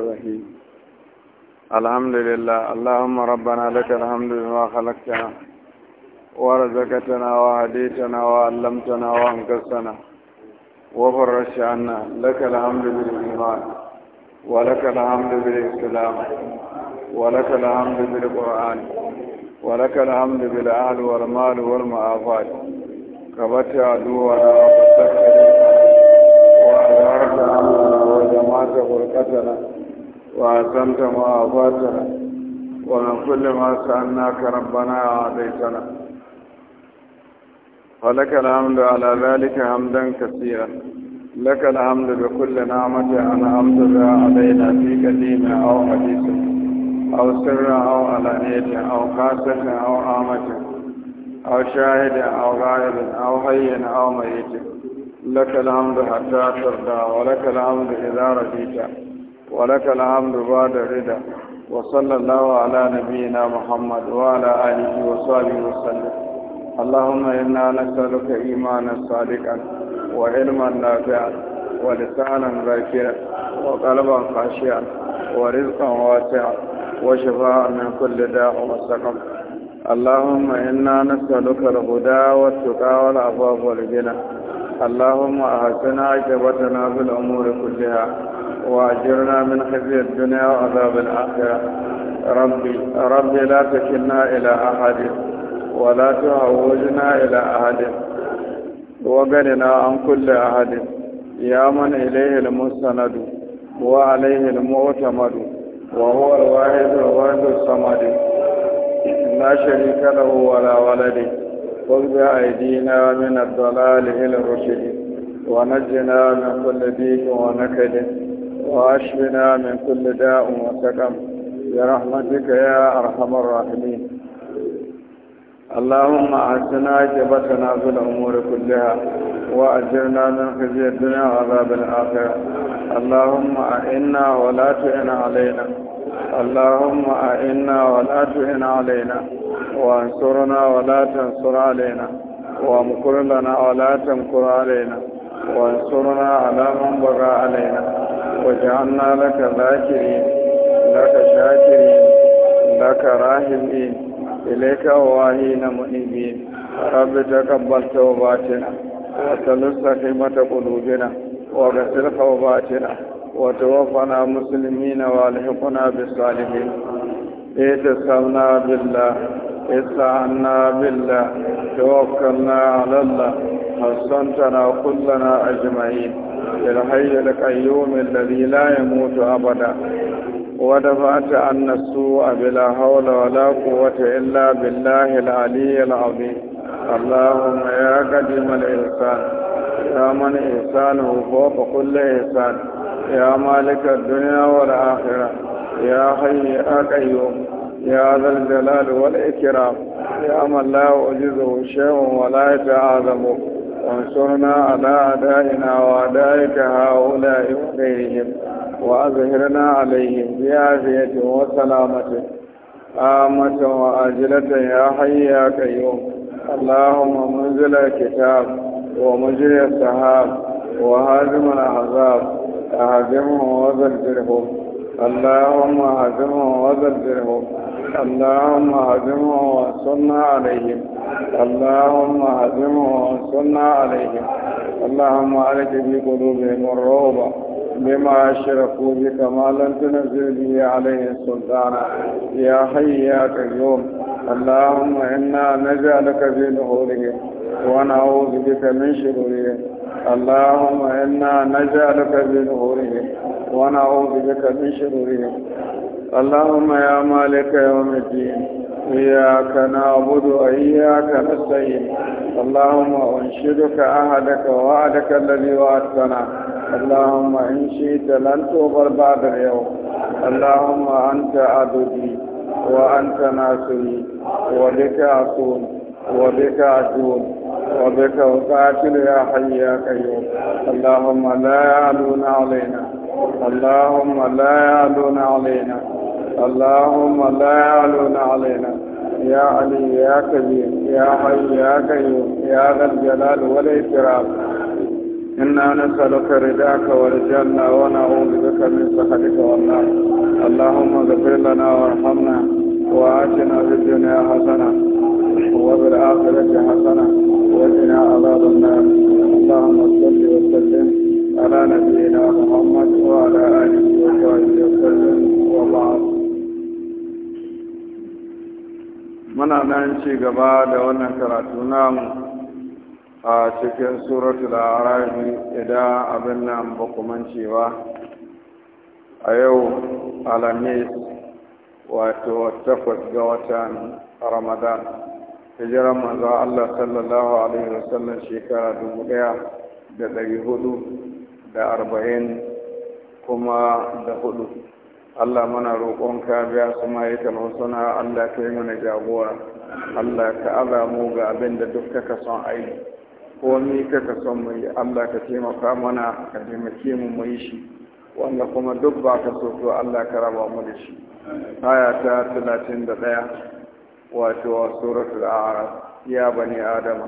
الرحيم الحمد لله اللهم ربنا لك الحمد بما خلقتنا ورزقتنا وهديتنا وعلمتنا وانقذتنا وفرجت عنا لك الحمد بالايمان ولك الحمد بالاسلام ولك الحمد بالقران ولك الحمد بالاهل والمال والمعافات كبت عدونا وفتحت وأظهرت أمرنا وجمعت فرقتنا ما أفاتنا ومن كل ما سألناك ربنا أعطيتنا ولك الحمد على ذلك حمدا كثيرا لك الحمد بكل نعمة أنعمت بها علينا في قديم أو حديث أو سر أو علانية أو خاصة أو عامة أو شاهد أو غائب أو حي أو ميت لك الحمد حتى ترضى ولك الحمد إذا رضيت ولك الحمد بعد الرضا وصلى الله على نبينا محمد وعلى آله وصحبه وسلم اللهم إنا نسألك إيمانا صادقا وعلما نافعا ولسانا ذاكرا وقلبا خاشعا ورزقا واسعا وشفاء من كل داء وسقم اللهم إنا نسألك الهدى والتقى والعفاف والغنى اللهم أحسن عاقبتنا في الأمور كلها وأجرنا من خزي الدنيا وعذاب الآخرة ربي ربي لا تكلنا إلى أحد ولا تهوجنا إلى أحد وقلنا عن كل أحد يا من إليه المستند وعليه المعتمد وهو الواحد الواحد الصمد لا شريك له ولا ولد خذ بأيدينا من الضلال إلى الرشد ونجنا من كل ديك ونكد واشفنا من كل داء وسقم برحمتك يا ارحم الراحمين اللهم اعتنا عجبتنا في الامور كلها واجرنا من خزي الدنيا وعذاب الاخره اللهم اعنا ولا تعن علينا اللهم اعنا ولا تعن علينا وانصرنا ولا تنصر علينا وامكر لنا ولا تمكر علينا وانصرنا على من بغى علينا وجعلنا لك ذاكرين لك شاكرين لك راهبين إليك أواهين منيبين رب تقبل توباتنا وتلص خيمة قلوبنا وغسل خوباتنا وتوفنا مسلمين والحقنا بالصالحين اعتصمنا بالله استعنا بالله توكلنا على الله حصنتنا كلنا أجمعين الحي القيوم الذي لا يموت أبدا ودفعت عنا السوء بلا حول ولا قوة إلا بالله العلي العظيم اللهم يا قديم الإحسان يا من إحسانه فوق كل إحسان يا مالك الدنيا والآخرة يا حي يا قيوم يا ذا الجلال والإكرام يا من لا يعجزه شيء ولا يتعاظمه وانصرنا على أعدائنا وأعدائك هؤلاء وغيرهم وأظهرنا عليهم بعافية وسلامة آمة وآجلة يا حي يا قيوم اللهم منزل الكتاب ومجري السحاب وهازم الأحزاب أهزمهم وزلزلهم اللهم هزمهم وذلهم اللهم هزمهم وانصرنا عليهم اللهم هزمهم وانصرنا عليهم اللهم عليك قلوبهم الروبه بما أشركوا بك ما لم تنزل به عليه سلطانا يا حي يا قيوم اللهم إنا نجعلك في نحورهم ونعوذ بك من شرورهم اللهم إنا نجعلك بنورهم ونعوذ بك من شرورهم اللهم يا مالك يوم الدين إياك نعبد وإياك نستعين اللهم أنشدك أهلك وعدك الذي وعدتنا اللهم إن شئت لن تغفر بعد اليوم اللهم أنت عبدي وأنت ناصري وبك أصوم وبك أدون وبك أقاتل يا حي يا قيوم اللهم لا يعلون علينا اللهم لا يعلون علينا اللهم لا يعلون علينا يا علي يا كبير يا حي يا قيوم يا ذا الجلال والإكرام إنا نسألك رداك ورجالنا ونعوذ بك من سخطك والنار اللهم اغفر لنا وارحمنا وآتنا في الدنيا حسنة وفي الآخرة حسنة وقنا عذاب النار اللهم صل وسلم على نبينا محمد وعلى آله وصحبه وسلم وبعد من nan ci gaba da wannan karatu namu a cikin suratul arabi ida abin nan ba mancewa a yau alamis wato takwas ga watan ramadan hijiran manzo Allah sallallahu alaihi wasallam shekara dubu ɗaya da ɗari hudu da arba'in kuma da hudu Allah mana roƙon ka biya su ma'aikal husuna Allah ka yi mana jagora Allah ka aza mu ga abin da duk kaka son aiki ko ni kaka son mu yi Allah ka taimaka mana ka taimake mu mu yi shi wanda kuma duk ba ka so to Allah ka raba mu da shi aya ta talatin da ɗaya? wato سورة الأعراف يا بني آدم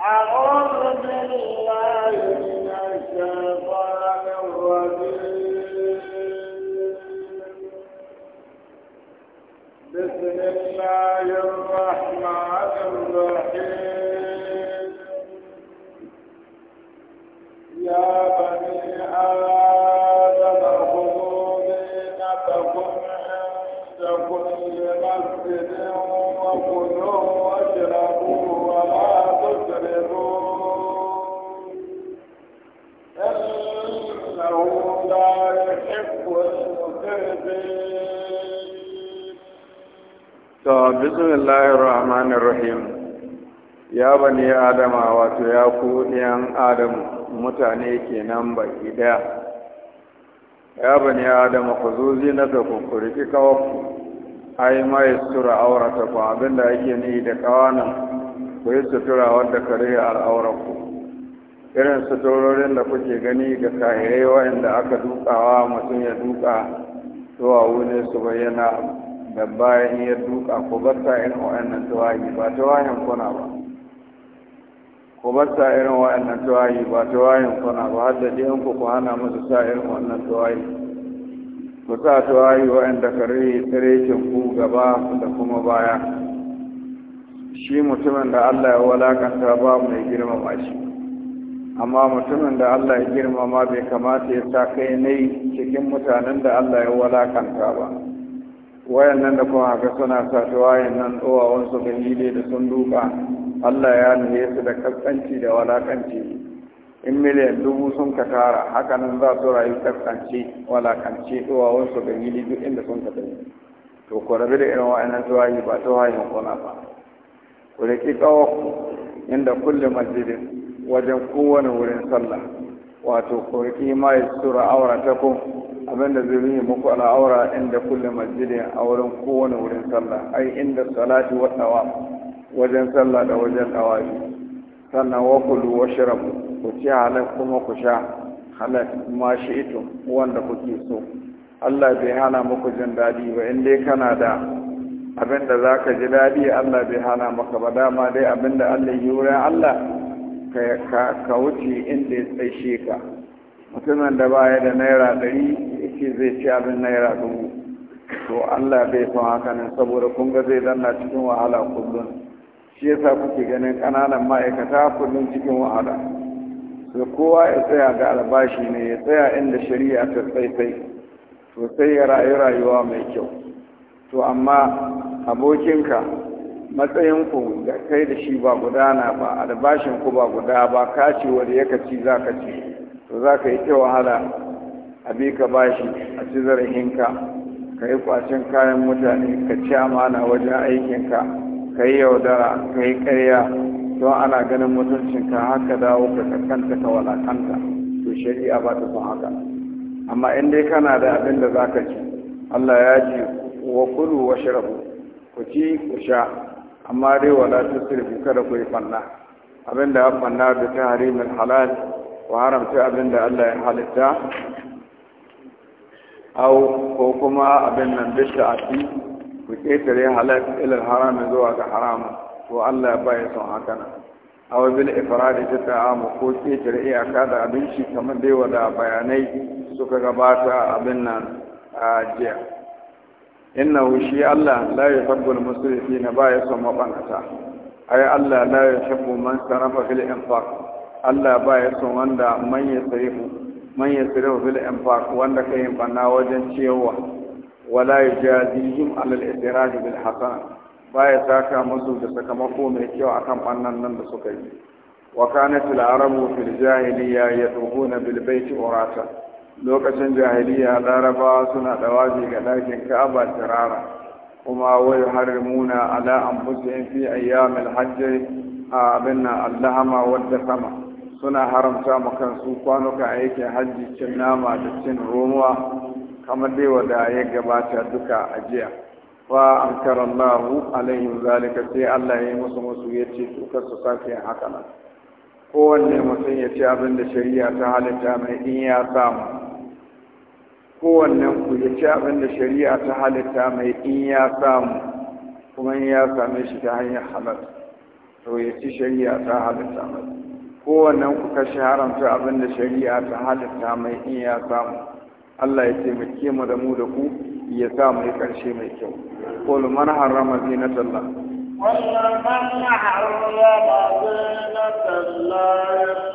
أعوذ بالله من الشيطان الرجيم بسم الله الرحمن الرحيم يا بني آدم to bismillahir rahmanir rahim ya bani adama wato ya ku ɗiyan adam mutane kenan baki ɗaya ya bani adama ku zo zinata ku ku riƙi kawanku ai mai sutura aurata ku abinda ake ni da kawanan ku yi sutura wadda ka rage al'auranku irin suturorin da kuke gani ga kahirai wa'anda aka dukawa mutum ya duka zuwa wune su bayyana da bayan ya duka ko bar irin wa'annan tawayi ba tawayin kuna ba ko bar irin wa'annan tawayi ba tawayin kuna ba har da jiyan ku hana musu sa irin wa'annan tawayi ku sa tawayi wa'anda kare tarekin ku gaba da kuma baya shi mutumin da Allah ya walakanta ba mai girmama shi amma mutumin da Allah ya girmama bai kamata ya sa kai nai cikin mutanen da Allah ya walakanta ba Wayan nan da kuma haka suna sa wayan nan tsowawansu ga hile da sun duka Allah ya nuhe su da kaskanci da walakanci in miliyan dubu sun ka tara haka nan za su rayu kaskanci walakanci tsowawansu ga hile duk inda sun ka tsaye to ku rabu da irin nan tuwayi ba ta wayan kona ba ku riƙi ƙawar inda kullum majalis, wajen kowane wurin sallah wato kurki ma ya sura aura ta kun abinda zai yi muku al'aura inda kullum masjidin a wurin kowane wurin sallah ai inda salati wa dawa wajen sallah da wajen dawafi sannan wa kulu wa shirabu ku ci halal kuma ku sha halal ma shi ito wanda kuke so Allah bai hana muku jin daɗi ba in dai kana da abinda zaka ji daɗi Allah bai hana maka ba dama dai abinda Allah yi wurin Allah ka wuce inda ya tsaishe ka mutumin da baya da naira ɗari yake zai ci abin naira dubu to allah bai son haka nan saboda kun ga zai zanna cikin wahala kullum shi yasa kuke ganin ƙananan ma'aikata kullum cikin wahala to kowa ya tsaya ga albashi ne ya tsaya inda shari'a ta tsaitsai to sai ya rayu rayuwa mai kyau to amma abokinka matsayin ku da kai da shi ba gudana ba albashin ku ba guda ba ka ce wani yaka ci za ka ci to za ka yi ta wahala a bi ka bashi a ci zarafinka ka yi kwacin kayan mutane ka ci amana wajen aikinka ka yi yaudara ka yi karya don ana ganin mutuncinka haka dawo ka kakanta ka walakanta to shari'a ba ta son haka amma in dai kana da abin da za ka ci allah ya ji wa kulu wa shirabu ku ci ku sha amma dai wala ta tusrifu kada ku yi fanna abinda ya fanna da tahrimul halal wa haramta abinda Allah ya halitta au ko kuma abin nan da sha'afi ku ketare halal ila haram zuwa ga haram to Allah ya son haka nan au bil ifradi ta ta'amu ko ƙetare iyaka da abinci kamar dai wala bayanai suka gabata abin nan a jiya Inna shi Allah la yuhibbul musrifin ba ya son mabangata ai Allah la yuhibbu man sarafa fil infaq Allah ba ya son wanda man yasrifu man yasrifu fil infaq wanda kai yin banna wajen ciyawa wala yujazihim ala al israf bil hasan ba ya saka musu da sakamako mai kyau akan bannan nan da suka yi wa kanat al arabu fil jahiliya yadubuna bil baiti urata lokacin jahiliya larabawa suna dawafi ga ɗakin ka'aba tarara kuma wai har muna ala an fi ayyamin hajji a abin na allahama wadda sama suna haramta mu su kwanuka aikin hajji cin nama da cin romuwa kamar dai wanda ya gabata duka a jiya fa an karallahu zalika sai Allah ya yi musu musu ya ce to su sake haka nan kowanne mutum ya ce abin da shari'a ta halitta mai in ya samu kowannen ku ya ci abin da shari'a ta halitta mai in ya samu kuma in ya same shi ta hanyar halal to ya ci shari'a ta halitta mai kowannen ku kashe haramta abin da shari'a ta halitta mai in ya samu Allah ya taimake mu da mu da ku ya sa mu yi ƙarshe mai kyau qul man harrama zinatallah والله من حرم زينة الله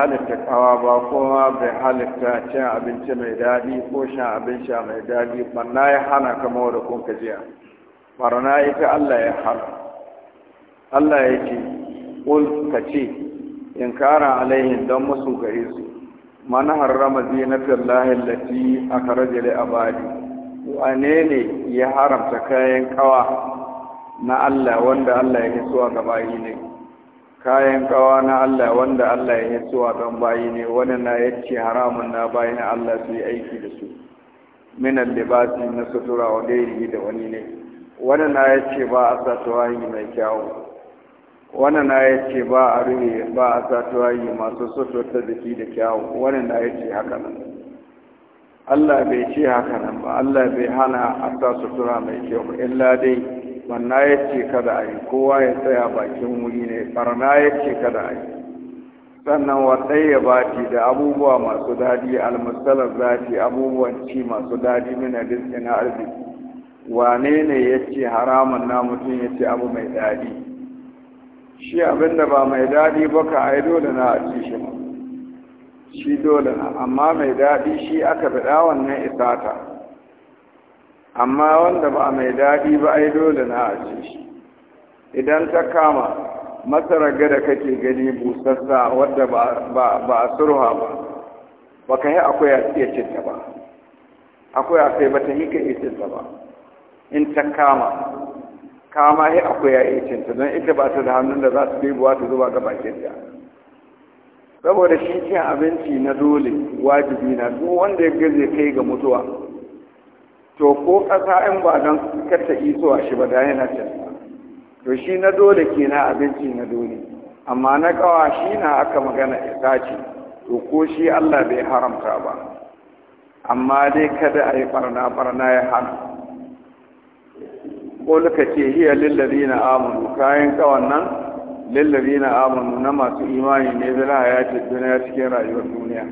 halin kawa ba kuma bai halitta cin abinci mai daɗi ko shan abinci mai daɗi barna ya hana kamar da kun jiya. barna ita Allah ya hana Allah ya ce ƙul ka ce in kara alaihin don musu gare su man harrama zinatar lahin lati a karajale abadi wane ne ya haramta kayan kawa na Allah wanda Allah ya so a gabayi ne kayan kawa na Allah wanda Allah ya hitsuwa don bayi ne wani na ya ce haramun na bayi na Allah su yi aiki da su minan libasi na sutura wanda ya yi da wani ne wani na ya ce ba a sa tuwayi mai kyawu wani na ya ce ba a rufe ba a sa tuwayi masu suturta jiki da kyawu wani na ya ce haka nan Allah bai ce haka nan ba Allah bai hana a sa sutura mai kyau illa dai banna ya ce kada a yi kowa ya tsaya bakin wuri ne barna ya ce kada a yi sannan wanda ya bati da abubuwa masu daɗi almusalar zafi, abubuwan ci masu daɗi mina rizki na arziki wane ne ya ce haramun na mutum ya ce abu mai daɗi shi abin da ba mai daɗi ba ka ai dole na a ci shi ba shi dole na amma mai daɗi shi aka faɗa wannan isata amma wanda ba mai daɗi ba ai dole na a ce shi idan ta kama masarar gada kake gani busassa wadda ba a surha ba ba ka yi akwai iya cinta ba akwai akwai ba ta yi ka iya cinta ba in ta kama kama yi akwai ya iya cinta don ita ba ta da hannun da za su ɗebuwa ta zuba ga bakin ta saboda shi cin abinci na dole wajibi na duk wanda ya gaze kai ga mutuwa to ko ƙasa in ba don karta iso a shi ba da yana can to shi na dole ke na abinci na dole amma na kawa shi na aka magana ya ce to ko shi Allah bai haramta ba amma dai kada a yi barna barna ya hana ko luka ce hiya lillabi na amonu kayan kawan nan lillabi na amonu na masu imani ne bila ya ce duniya cikin rayuwar duniya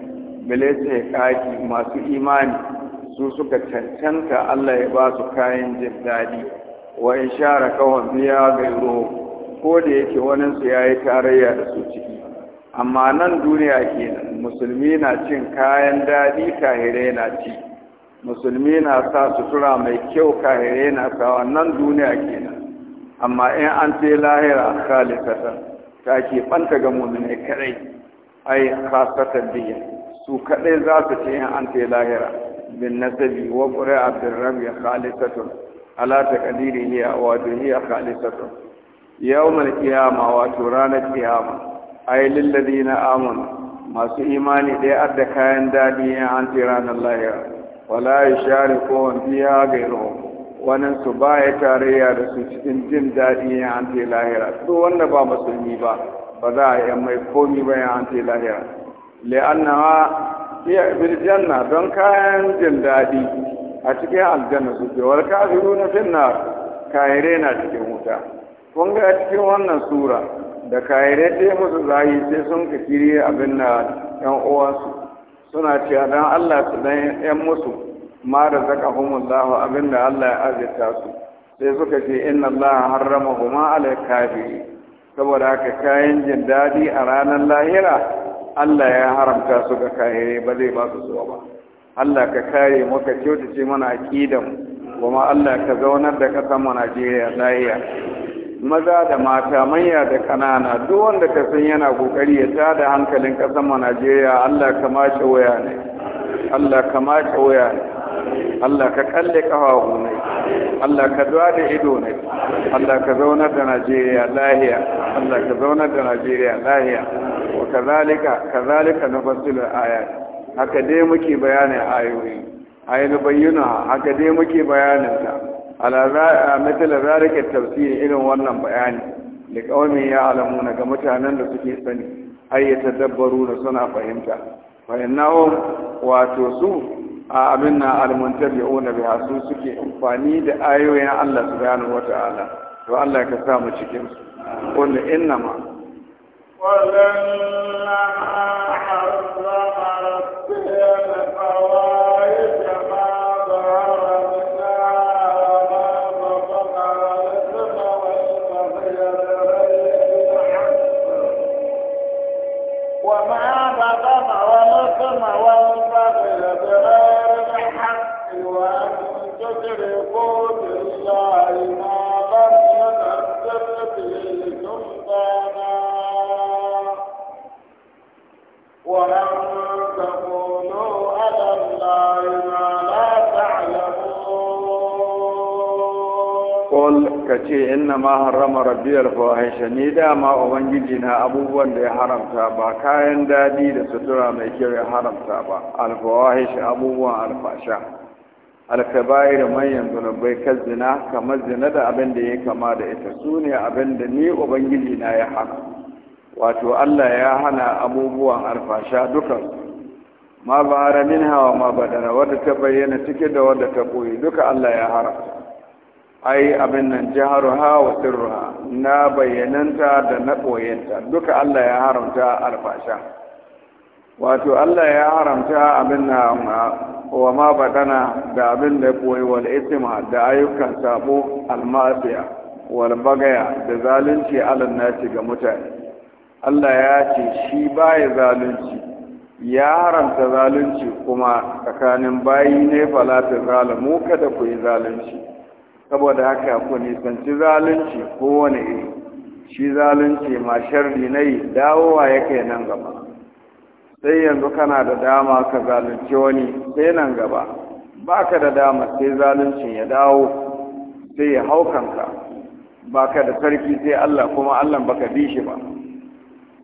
bilai ce kaki masu imani su suka cancanta Allah ya ba su kayan jin daɗi wa in share kawon biya gairo ko da yake waninsu ya yi tarayya da su ciki amma nan duniya ke musulmi na cin kayan daɗi kahire na ci musulmi na sa sutura mai kyau kahire na sawa nan duniya kenan amma in an ce lahira a khalisatan ta ke ɓanta ga mummune kaɗai ai khasatan biyan su kaɗai za su ce in an ce lahira Minnas Jamiu, Waƙurar Abderramew, Khalid Sutton. Alasa ƙadiri ne a wajen yi a Khalid Sutton. Yauman kiyama, wato ranar kiyama. A yi lindari na Masu imani ɗaya adda kayan daɗi ya hanci ranar lahira. Walayen share kowanne ya haɗa iriho. su ba ya da su cikin jin daɗin ya hanci lahira. To wanda ba musulmi ba, ba za a yi ƴan mai fomi ba ya hanci lahira. Me fiya biljanna don kayan jin daɗi a cikin aljanna suke wal kafiru na finna kayire na cikin wuta kun ga cikin wannan sura da kayire ɗaya musu zayi sai sun ka kiri abin na ƴan uwansu suna cewa dan Allah su dan ƴan musu ma da zakahumullahu abin da Allah ya azirta su sai suka ce inna Allah harrama huma ala kafiri saboda haka kayan jin daɗi a ranar lahira Allah ya haramta su ga kayare ba zai ba su zuwa ba Allah ka kare mu ka kyautace mana aqidan kuma Allah ka zaunar da ƙasar mu Najeriya lafiya maza da mata manya da ƙanana duk wanda ka san yana kokari ya tada hankalin ƙasar mu Najeriya Allah ka mace waya ne Allah ka mace waya ne Allah ka kalle kafafu ne Allah ka zuwa da ido ne Allah ka zaunar da Najeriya lahiya Allah ka zaunar da Najeriya lahiya wa kazalika kazalika fasilu ayat haka dai muke bayanin ayoyi ayinu bayyana haka dai muke bayanin ta ala mithla zalika tafsir irin wannan bayani da kaumin ya na ga mutanen da suke sani ayyata dabbaru da suna fahimta fa innahum wato su a abin na almantar ya ona bai hasu suke amfani da ayoyin Allah subhanahu wa ta'ala to Allah ka sa mu cikin su wanda inna ma ce inna ma harrama rabbiyar fahisha ni dama ubangiji na abubuwan da ya haramta ba kayan daɗi da sutura mai kyau ya haramta ba alfahisha abubuwan alfasha alkabair manyan zunubai kan zina kamar zina da abin da ya kama da ita sune ne abin da ni ubangiji na ya hana wato allah ya hana abubuwan alfasha dukan ma bara min hawa ma badana wadda ta bayyana cike da wadda ta koyi duka allah ya hara ai abin nan jiharuha wa sirruha na bayyananta da na koyanta duka allah ya haramta alfasha wato Allah ya haramta abin na wa ma badana da abin da koyi wal isma da ayyukan sabo almasiya wal bagaya da zalunci alal nasi ga mutane Allah ya ce shi baya zalunci ya haramta zalunci kuma tsakanin bayi ne falata zalamu kada ku yi zalunci saboda haka ku nisanci zalunci kowane iri shi zalunci ma sharri na yi dawowa ya nan gaba sai yanzu kana da dama ka zalunci wani sai nan gaba ba ka da dama sai zaluncin ya dawo sai ya hau ba ka da sarki sai Allah kuma Allah baka bi shi ba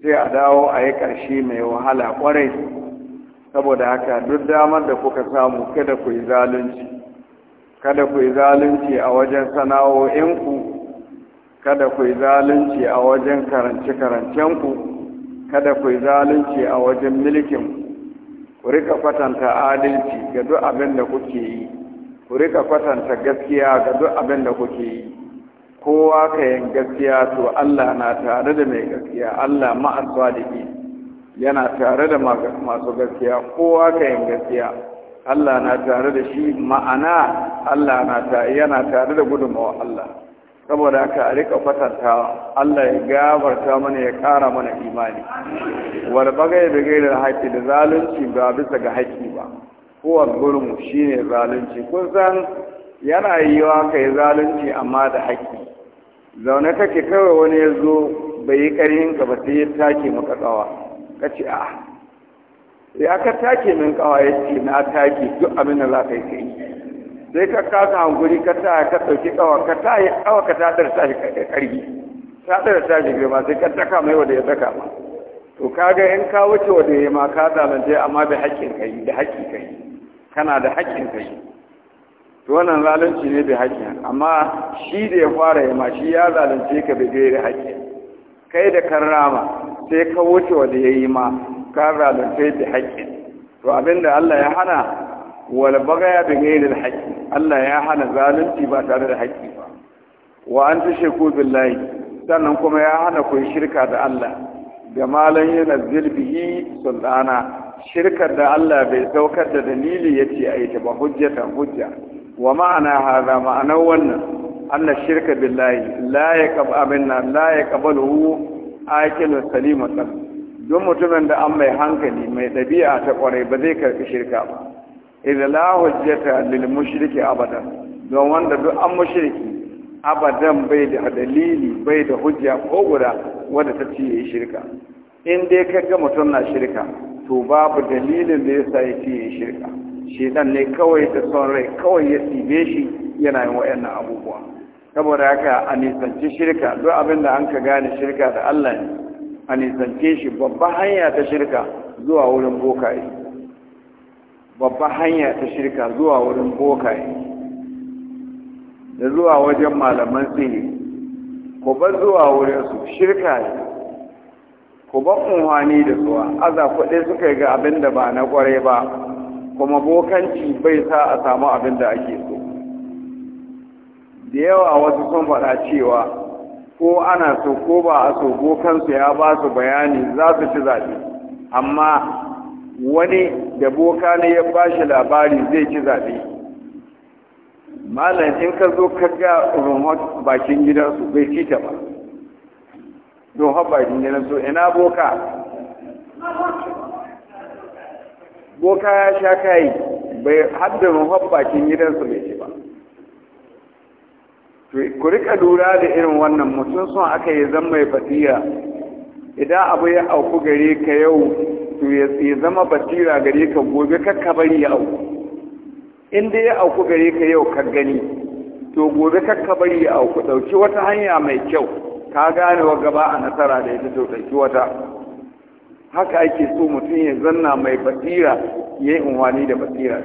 sai a dawo a yi ƙarshe mai wahala ƙwarai saboda haka duk damar da kuka samu kada ku yi zalunci kada ku yi zalunci a wajen sana'o'inku kada ku yi zalunci a wajen karance-karancenku kada ku yi zalunci a wajen milkin ku rika kwatanta adalci ga duk abin da kuke yi ku rika kwatanta gaskiya ga duk abin da kuke yi kowa ka yin gaskiya to Allah na tare da mai gaskiya Allah ke yana tare da masu gaskiya kowa ka yin gaskiya Allah na tare da shi ma'ana Allah na yana tare da gudunmawa Allah saboda aka a rika fatanta Allah ya gabarta mana ya kara mana imani wal bagai da gairar haƙƙi da zalunci ba bisa ga haƙƙi ba ko gurmu shine zalunci kun san yana yiwa ka yi zalunci amma da haƙƙi zaune kake kawai wani ya zo bai yi ƙarfin ka ba sai ya take maka tsawa ka a ya ka take min kawa ya ce na take duk abin da za ka ka yi sai ka kasa hankuri ka ta ka ɗauki ƙawa ka ta yi ƙawa ka ta ɗarsa shi ƙarfi ta ɗarsa shi girma sai ka taka mai wanda ya taka ma to kaga in ka wuce wanda ya ma ka zalunce amma da haƙƙin ka yi da haƙƙi ka yi kana da haƙƙin ka yi to wannan zalunci ne da haƙƙi amma shi da ya fara ya ma shi ya zalunce ka da gaira haƙƙi kai da kan rama sai ka wuce wanda ya yi ma ka zalunce da haƙƙi to abinda Allah ya hana wal bagaya bi ghairi al haqqi Allah ya hana zalunci ba tare da haƙƙi ba wa an tushriku billahi sannan kuma ya hana ku shirka da Allah ga malan yana zilbihi sultana shirkar da Allah bai saukar da dalili yace ai ta ba hujjata hujja wa ma'ana hadha ma'anar wannan anna shirka billahi la yaqab aminna la yaqbalu akilu salimatan don mutumin da an mai hankali mai ɗabi'a ta kwarai ba zai karɓi shirka ba idza la hujjata lil mushriki abadan don wanda duk an mushriki abadan bai da dalili bai da hujja ko guda wanda ta ce yayi shirka in dai ka ga mutum na shirka to babu dalilin da yasa ya ce yayi shirka shedan ne kawai ta son rai kawai ya tsibe shi yana yin wayannan abubuwa saboda haka a nisanci shirka duk abin da an ka gane shirka da Allah ne a nisance shi babban hanya ta shirka zuwa wurin bokaye babban hanya ta shirka zuwa wurin bokaye da zuwa wajen malaman tsini ku bar zuwa su shirka ne ku bar unhwani da zuwa aza kuɗi suka yi ga abin da ba na ƙwarai ba kuma bokanci bai sa a samu abin da ake so da yawa wasu sun faɗa cewa ko ana so ko ba a so bokansu ya ba su bayani za su ci zaɓe amma wani da boka ne ya bashi labari zai ci zaɓe malam in ka zo ka ga remote bakin gidansu bai ci ta ba don bakin gidansu ina boka boka ya sha kayi bai hadda remote bakin gidansu bai ci ba ku rika lura da irin wannan mutum son aka yi zan mai fasiya idan abu ya auku gare ka yau to ya zama basira gare ka gobe kakka bari ya auku in dai ya auku gare ka yau ka gani to gobe kakka bari ya auku ɗauki wata hanya mai kyau ka gane wa gaba a nasara da ita to ɗauki wata haka ake so mutum ya zanna mai basira ya yi unwani da basira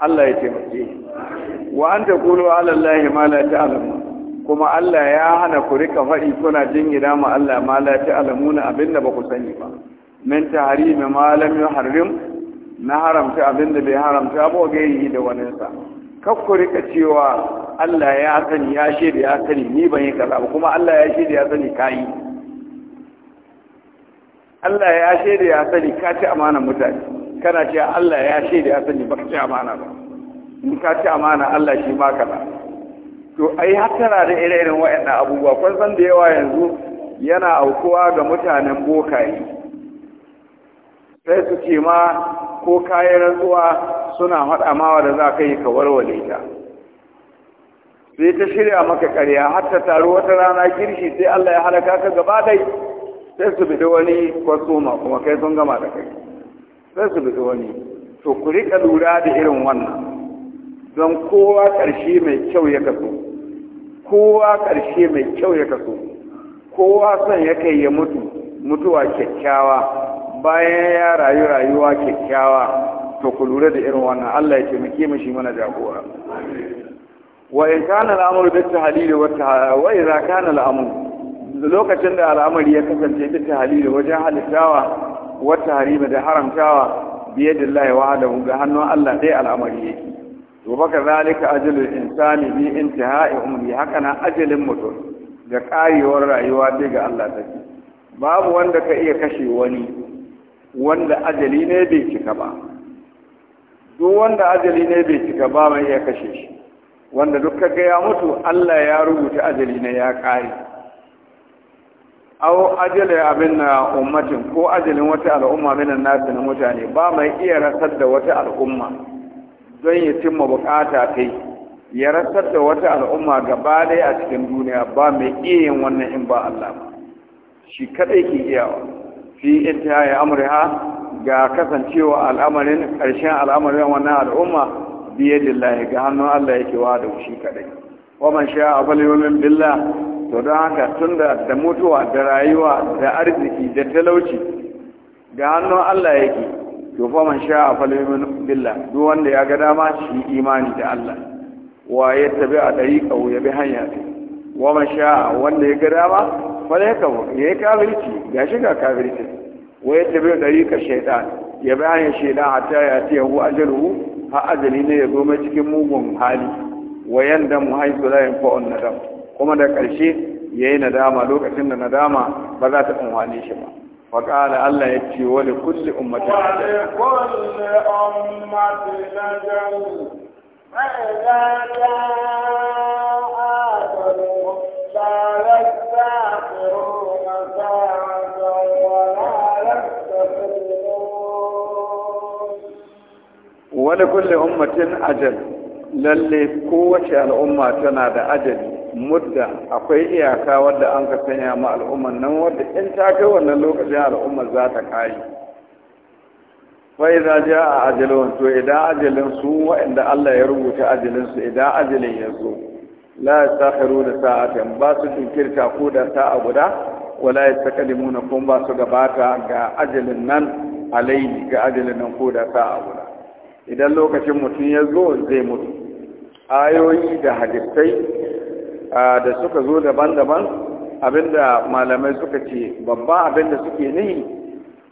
Allah ya taimake wa an ta kulo alallahi ma la ta'lamu kuma Allah ya hana ku rika faɗi kuna gida ma Allah ma la ta'lamuna abinda ba ku sani ba min tahrimi ma lam yuharrim na haramta abin da bai haramta ba ga yi da wani sa kakkuri ka cewa Allah ya sani ya shede ya sani ni ban yi kaza ba kuma Allah ya shede ya sani kai Allah ya shede ya sani ka ci amana mutane kana ce Allah ya shede ya sani ka ci amana ba in ka ci amana Allah shi ma kaza to ai hattara da ire-iren waɗannan abubuwa kun san da yawa yanzu yana aukuwa ga mutanen bokaye sai su ce ma ko kayan rantsuwa suna haɗa mawa da za ka yi ka warware ta sai ta shirya maka ƙarya har ta taru wata rana kirshi sai Allah ya halaka ka gaba dai sai su bi da wani ma kuma kai sun gama da kai sai su bi wani to ku rika lura da irin wannan don kowa ƙarshe mai kyau ya kaso kowa ƙarshe mai kyau ya kaso kowa son ya kai ya mutu mutuwa kyakkyawa bayan ya rayu rayuwa kyakkyawa to ku lura da irin wannan Allah ya taimake mu shi mana jagora wa in kana al'amru bi tahlil wa wa idza kana al'amru lokacin da al'amari ya kasance bi tahlil wajen halittawa wa tahrima da haramtawa bi yadillahi wa adahu ga hannun Allah dai al'amari yake to baka zalika ajalul insani bi intihai umri haka na ajalin mutum ga karewar rayuwa daga ga Allah take babu wanda ka iya kashe wani wanda ajali ne bai cika ba duk wanda ajali ne bai cika ba mai iya kashe shi wanda duk kaga ya mutu Allah ya rubuta ajali ne ya kare aw ajali abin na ummatin ko ajalin wata al'umma minan nasu na mutane ba mai iya rasar da wata al'umma don ya cimma bukata kai ya rasar da wata al'umma gaba ɗaya a cikin duniya ba mai iya yin wannan in ba Allah ba shi kadai ke iyawa fi amuri ha ga kasancewa al'amarin ƙarshen al'amarin wannan al'umma biye ga hannun Allah yake wa da shi kadai wa man sha abaliyumin billa. to don haka tun da mutuwa da rayuwa da arziki da talauci ga hannun Allah yake to fa man sha abaliyumin billa. duk wanda ya ga dama shi imani da Allah wa ya tabi a ɗari dariqa ya bi hanya wa man sha wanda ya ga dama bare haka ya yi kafirci ga shi ga kafirci wai ta bai ka shaidan ya bayan shaidan hatta ya ce hu a ha ajali ne ya zo cikin mugun hali wayan da mu haisu la yanfa'un nadam kuma da karshe yayi nadama lokacin da nadama ba za ta amfane shi ba وقال الله يبكي ولكل أمة أجل ولكل أمة أجل فإذا جاء wani kulle ummatin ajal lalle kowace al'umma tana da ajali mudda akwai iyaka wadda an ka sanya ma al'umman nan wadda in ta kai wannan lokacin al'ummar za ta kai. fa'iza ja a ajalin to idan ajalin su wa'anda Allah ya rubuta ajalin su idan ajalin ya zo la yastakhiruna sa'atan ba su jinkirta ko da sa'a guda wala yastaqdimuna kun ba su gabata ga ajalin nan alai ga ajalin nan ko da sa'a guda idan lokacin mutum ya zo zai mutu ayoyi da hadisai da suka zo daban-daban abinda malamai suka ce babba abinda suke nihi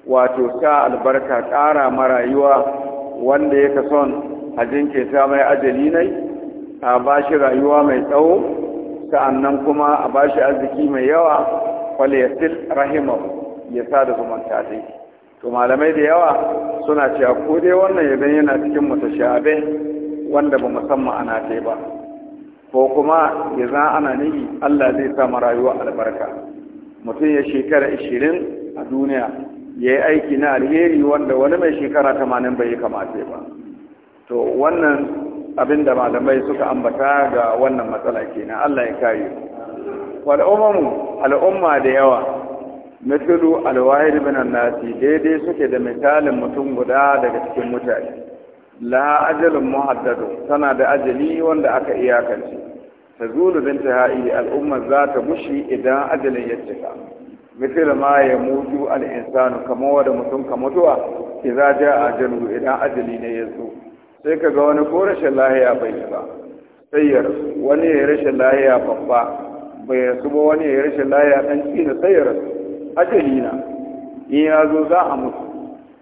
wato sa albarka ƙara marayuwa wanda ya ka son a jinkirta mai ajali nai a ba shi rayuwa mai tsawo sa'annan kuma a ba shi arziki mai yawa wale ya sil rahimar ya sa da zumunta dai to malamai da yawa suna cewa ko dai wannan ya yana cikin mutashabih wanda ba musamman ana ta ba ko kuma ya za ana nihi Allah zai sa rayuwa albarka mutum ya shekara ishirin a duniya ya yi aiki na alheri wanda wani mai shekara tamanin bai kamata ba to wannan abinda malamai suka ambata ga wannan matsala kenan Allah ya kare wal umamu al'umma da yawa mithlu al-wahid min nasi daidai suke da misalin mutum guda daga cikin mutane la ajalun muhaddadu tana da ajali wanda aka iyakance tazulu bintahi al-umma za ta gushi idan ajalin ya cika mithlu ma ya mutu al-insanu kamar wanda mutum ka mutuwa idza ja ajalu idan ajali ne ya zo sai ka ga wani ko rashin lahiya bai yi ba sai ya rasu wani ya rashin lahiya babba bai rasu ba wani ya rashin lahiya ɗan kila sai ya rasu ajali na in ya zo za a mutu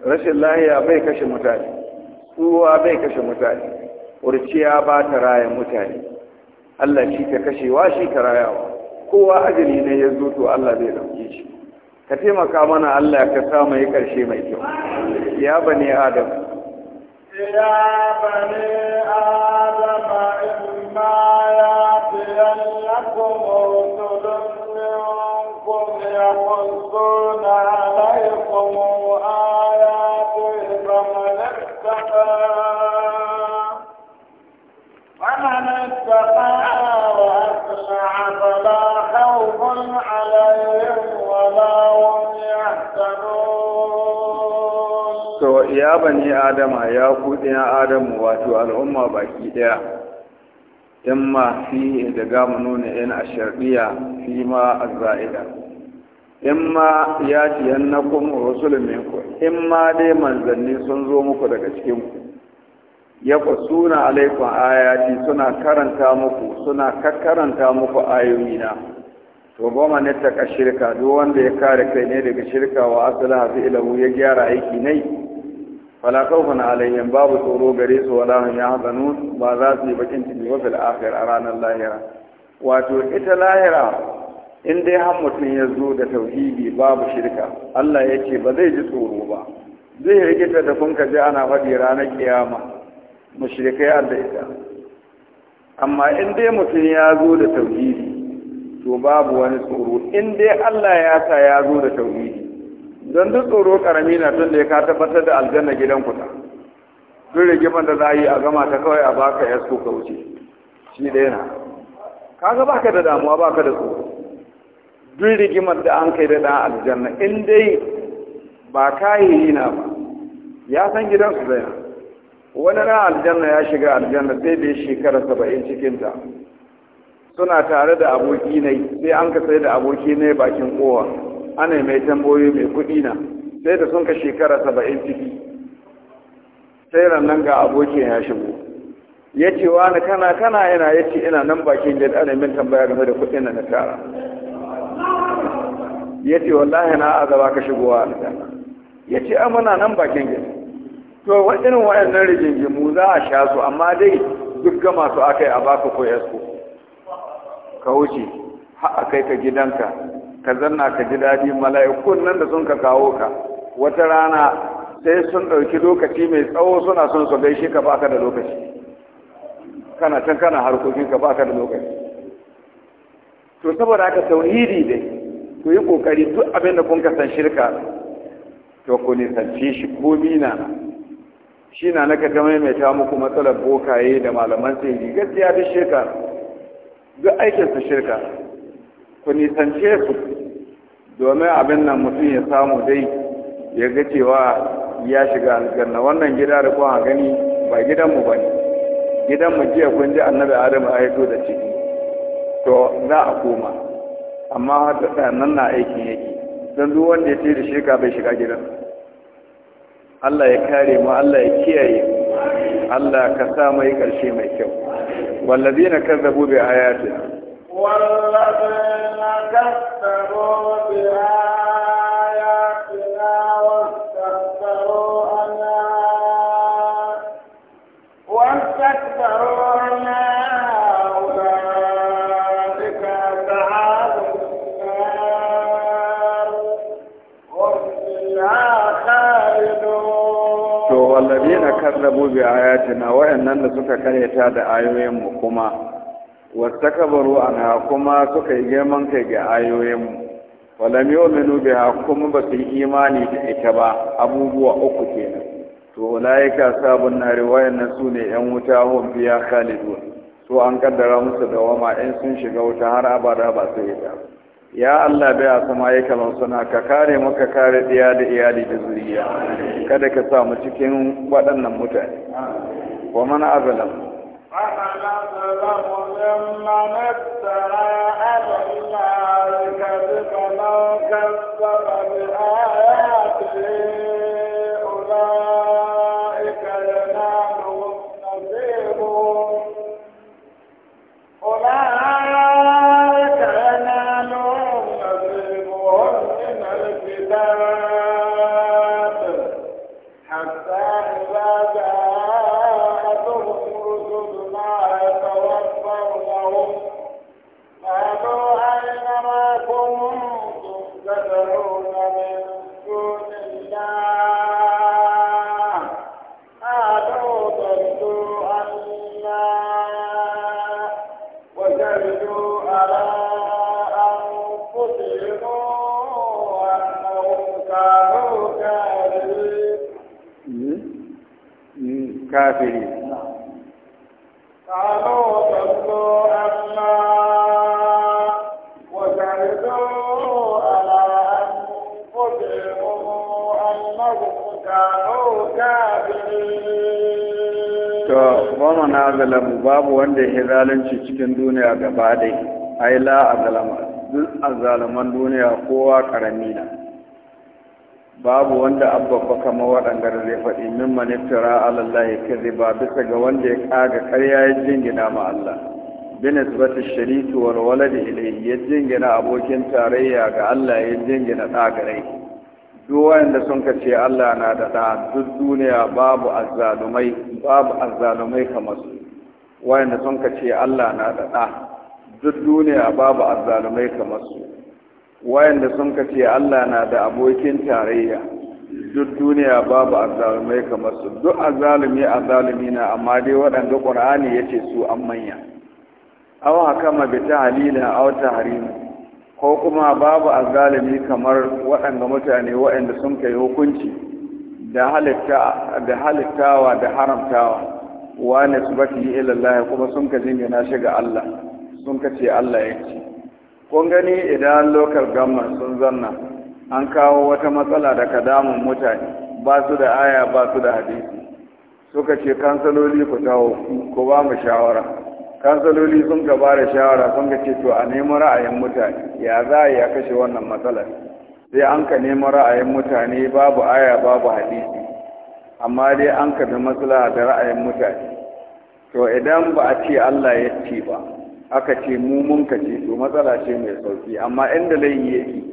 rashin lahiya bai kashe mutane tsuwa bai kashe mutane Wurciya ba ta raya mutane Allah shi ka kashewa shi ka rayawa kowa ajali ne ya zo to Allah zai dauke shi ka taimaka mana Allah ka samu ya karshe mai kyau ya bani adam يا بني آدم إما يأتينكم رسل منكم يقصون عليكم آياتي فمن اتقى فمن اتقى خوف عليهم ولا هم يحزنون to ya bani adama ya kuɗi na adamu wato al'umma baki ɗaya in ma fi da gama nuna in a fi ma a za'ida in ma ya ci na kuma rasulun minku in ma dai manzanni sun zo muku daga cikinku ya ku suna alaikun ayati suna karanta muku suna kakkaranta muku na. to goma ne shirka duk wanda ya kare kai ne daga shirka wa asala fi ilahu ya gyara aiki nai fala khawfun alaihim babu tsoro gare su wala ya yahzanun ba za su yi bakin ciki ba fil akhir a ranar lahira wato ita lahira in dai har mutum ya zo da tauhidi babu shirka Allah ya ce ba zai ji tsoro ba zai rikita da kun ji ana faɗi ranar kiyama mushrikai Allah ita amma in dai mutum ya zo da tauhidi to babu wani tsoro in dai Allah ya sa ya zo da tauhidi don duk tsoro karami na tun da ya ka tabbatar da aljanna gidan kuta duk rigimar da za a yi a gama ta kawai a baka ya su ka wuce shi da yana kaga baka da damuwa baka da tsoro duk rigimar da an kai da ɗan aljanna in dai ba yi na ba ya san gidan su zai wani ran aljanna ya shiga aljanna sai da ya shekara saba'in cikinta suna tare da aboki ne sai an ka sai da aboki ne bakin kowa ana mai tamboyi mai kudi na sai da sun ka shekara saba'in ciki sai nan ga abokin ya shigo ya ce wa ni kana kana yana ya ce ina nan bakin gida ana min tambaya game da kudin na na tara ya ce wallahi na gaba ka shigowa a na ya ce an ah, muna nan bakin gida to waɗannan waɗannan rigingimu za a sha su amma dai duk ga masu aka yi a baka koyar su ka wuce har a kai ka gidanka ka zanna ka ji daɗi mala'ikun nan da sun ka kawo ka wata rana sai sun ɗauki lokaci mai tsawo suna son su gaishe ka baka da lokaci kana can kana harkokin ka baka da lokaci to saboda haka tauhidi dai ku yi kokari duk abin da kun ka san shirka to ku nisanci shi ko mina shi na naka ta maimaita muku matsalar bokaye da malaman sirri gaskiya duk shirka duk aikinsu shirka ku nisance su domin abin nan mutum ya samu dai ya ga cewa ya shiga aljanna wannan gida da kuma gani ba gidanmu ba ne gidanmu jiya kun ji annabi adamu a haifo da ciki to za a koma amma da nan na aikin yake don duk wanda ya ce da shirka bai shiga gidan Allah ya kare mu Allah ya kiyaye mu Allah ka sa mai karshe mai kyau wallazina kazzabu bi ayatina والذين كفروا بآياتنا واستكبروا أنا واستكبروا أنا أولئك أصحاب النار هم فيها خالدون. والذين كذبوا بآياتنا وإن أن سكا كريتا بآيوين مكما wata kabaru ana kuma suka yi girman kai ga ayoyinmu walam yu'minu biha kuma ba su yi imani da ita ba abubuwa uku kenan to ulaika sabun nari wayannan su ne yan wuta hum biya khalidun to an kaddara musu da wama in sun shiga wuta har abada ba su yi ta ya Allah bai asama ya kalon suna ka kare maka kare diya da iyali da zuriya kada ka sa mu cikin waɗannan mutane wa mana azalam Thank you. gaba dai ai la azalama duk azalaman duniya kowa karami na babu wanda Abba fa kama waɗanda da zai faɗi min manittara alallahi kaziba bisa ga wanda ya kaga karya ya jingina ma Allah binisbatu sharitu wal walad ilayhi ya jingina abokin tarayya ga Allah ya jingina ɗa gare duk wanda sun ka ce Allah na da ɗa duk duniya babu azzalumai babu azzalumai kamar su wanda sun ka ce Allah na da ɗa duk duniya babu azzalumai kamar su wayanda sun kace Allah na da abokin tarayya duk duniya babu azzalumai kamar su duk azzalumi azzalumi na amma dai waɗanda ƙur'ani ya ce su an manya aw hakama bi ta'lila aw tahrim ko kuma babu azzalumi kamar waɗanda mutane waɗanda sun kai hukunci da halitta da halittawa da haramtawa wa nasbati ila Allah kuma sun kaje ne na shiga Allah sun kace Allah ya ce kun gani idan local government sun zanna an kawo wata matsala da kadamun mutane ba su da aya ba su da hadisi suka ce kansaloli ku tawo ku ba mu shawara kansaloli sun gaba ba da shawara sun ka ce to a nemi ra'ayin mutane ya za a yi a kashe wannan matsalar sai an ka nemi ra'ayin mutane babu aya babu hadisi amma dai an ka da matsala da ra'ayin mutane to idan ba a ce Allah ya ce ba aka ce mu mun kace to matsala ce mai sauki amma inda laifi yake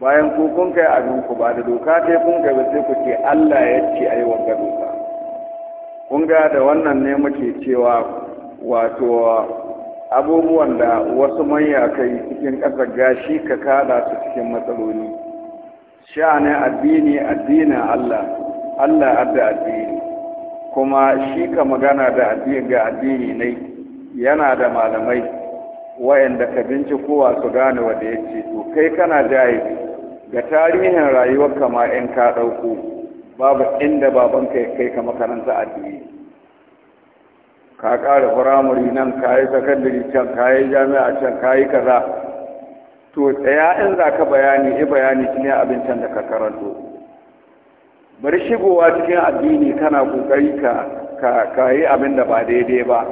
bayan ku kun kai abin ku ba da doka ta kun kai ba sai ku ce Allah ya ce ai wanga doka kun ga da wannan ne muke cewa wato abubuwan da wasu manya kai cikin ƙasar gashi ka kada su cikin matsaloli sha'anin addini addinin Allah Allah adda addini kuma shi ka magana da addini ga addini ne yana da malamai wayanda ka bincikowa su gane wanda ya ce to kai kana jahili ga tarihin rayuwar kama in ka ɗauko babu inda babanka ya kai ka makaranta addini ka ƙara firamare nan ka yi sakandare can ka yi jami'a can ka yi kaza to tsaya in za ka bayani i bayani cikin abincin da ka karanto bari shigowa cikin addini kana kokari ka ka yi abin da ba daidai ba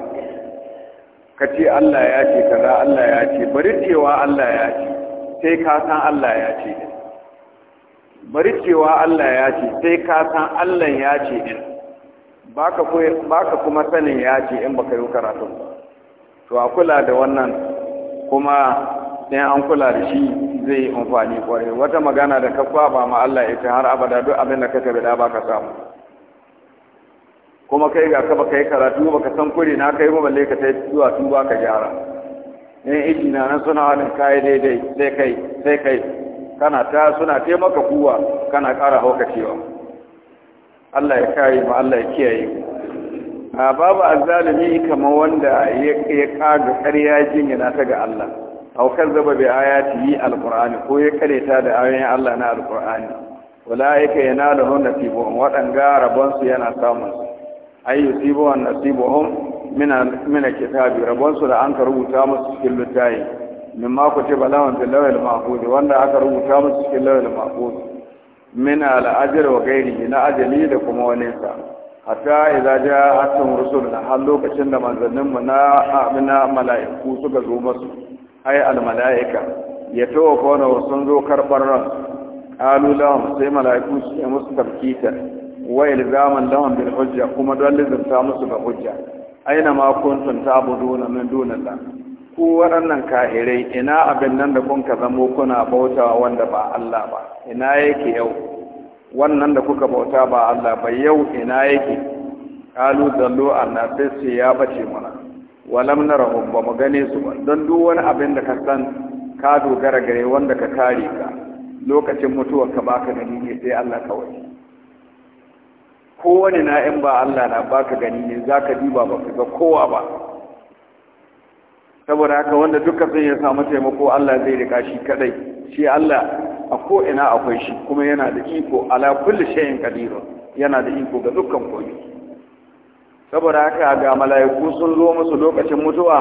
ka ce Allah ya ce kaza Allah ya ce bari cewa Allah ya ce sai ka san Allah ya ce din bari cewa Allah ya ce sai ka san Allah ya ce din baka baka kuma sanin ya ce in baka yi karatu to a kula da wannan kuma in an kula da shi zai yi amfani kwarai wata magana da kafa ba ma Allah ita har abada duk abin da ka tabbata baka samu kuma kai ga ka kai yi karatu ka san kure na kai ba balle ka ta zuwa tuba ka gyara in eh, iji na nan suna wani kayi daidai sai kai sai kai kana ta suna taimaka kuwa kana ƙara haukacewa Allah ya kai ba, Allah ya kiyaye a babu azzalimi kamar wanda ya kaga ƙarya jingina ta ga Allah aukar zaba bi ayati alqur'ani ko ya kareta da ayoyin Allah na alqur'ani wala yake yana da hunna waɗanga rabon yana samun su ay yusibu wa nasibuhum min min kitabi rabon su da an rubuta musu cikin littafi min ma ku tiba lahum bil lawal mahfuz wanda aka rubuta musu cikin lawal mahfuz min al ajr wa ghairihi na ajali da kuma wani sa hatta idza jaa atum rusuluna har lokacin da manzannin mu na amina mala'iku suka zo musu ay al mala'ika yatawafawna sun zo karbar ran qalu lahum sai mala'iku su musu tafkitar. Wayar zaman lahum bil hujja kuma don lizinta musu ga hujja aina ma kuntum ta'buduna min dunanta? ku waɗannan kahirai ina abin nan da kun ka zamo kuna bauta wanda ba Allah ba ina yake yau wannan da kuka bauta ba Allah ba yau ina yake kalu dallu anna sai ya bace mana walam narahum ba mu gane su ba don duk wani abin da ka san ka dogara gare wanda ka kare ka lokacin mutuwar ka baka gani sai Allah kawai kowane na in ba Allah na baka gani ne za ka diba ba ga kowa ba saboda haka wanda duka sun ya samu taimako Allah zai rika shi kadai shi Allah a ko'ina akwai shi kuma yana da iko ala kulli shay'in qadir yana da iko ga dukkan komai saboda haka ga mala'iku sun zo musu lokacin mutuwa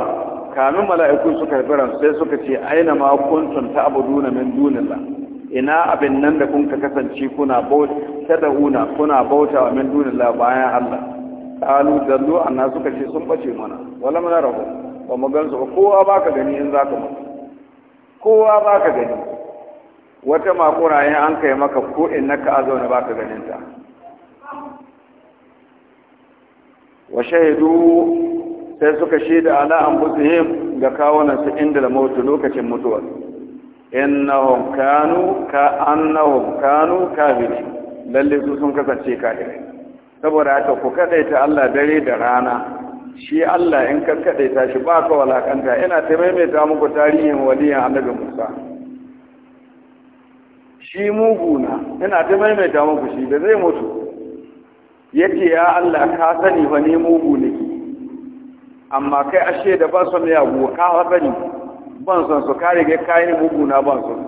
kamin mala'iku suka karbi sai suka ce aina ma kuntum ta'buduna min dunillah ina abin nan da kunka kasance kuna bauta una kuna bauta wa min dunillah bayan Allah kalu dallu anna suka ce sun bace mana wala mana rabu ba mu gansu ba kowa baka gani in zaka mutu kowa baka gani wata makura yin an kai maka ko innaka azawna baka ganin ta wa shahidu sai suka shaida ala anfusihim ga kawunan su inda da lokacin mutuwa innahum kanu ka annahum kanu kafiri lalle su sun kasance kafirai saboda haka ku kadaita Allah dare da rana shi Allah in ka kadaita shi ba ka walakanta ina ta maimaita muku tarihin waliyan annabi Musa shi muguna ina ta maimaita muku shi da zai mutu yace ya Allah ka sani fa ni mugu nake amma kai ashe da ba son ya go ka sani ban son su kare ga kayan muguna ban son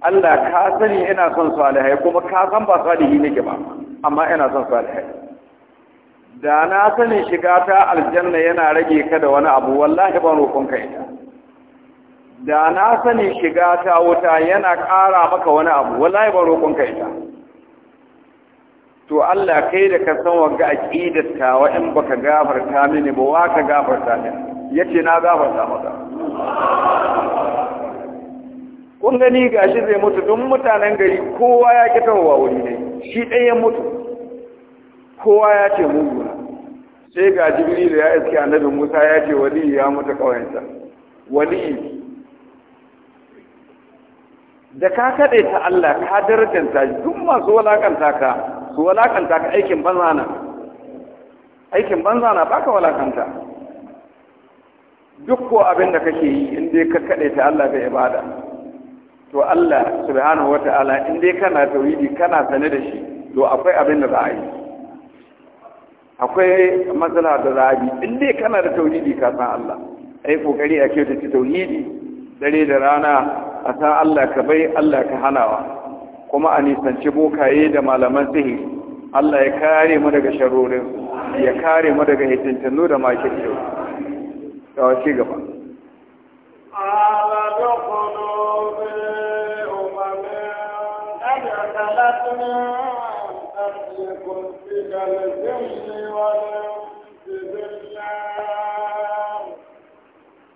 Allah ka sani ina son salihai kuma ka san ba salihi nake ba amma ina son salihai da na sani shiga ta aljanna yana rage ka da wani abu wallahi ban rokon ka ita da na sani shiga ta wuta yana ƙara maka wani abu wallahi ban rokon ka ita to Allah kai da ka san wa ga aqidar tawa in baka gafarta mini ba wa ka gafarta mini ya ce na gafarta maka kun gani ga shi zai mutu don mutanen gari kowa ya ki tawowa wuri ne shi ɗayan mutu kowa ya ce muguna sai ga da ya iske annabi musa ya ce wali ya mutu ƙawayensa wali da ka kaɗe ta Allah ka darajanta duk masu walakanta ka su walakanta ka aikin banza na aikin banza na baka walakanta duk ko abin da kake yi in dai ka kaɗe ta Allah da ibada to Allah subhanahu wata'ala in dai kana tauhidi kana sane da shi to akwai abin da za a yi akwai matsala da za a yi in dai kana da tauhidi ka san Allah ai kokari a ke ta tauhidi dare da rana a san Allah ka bai Allah ka hanawa kuma a nisanci bokaye da malaman sihiri Allah ya kare mu daga sharorin ya kare mu daga hitintinu da makirci ta ci gaba ala dukhulu fi umamin qad khalat min qablikum tilkal jinni wal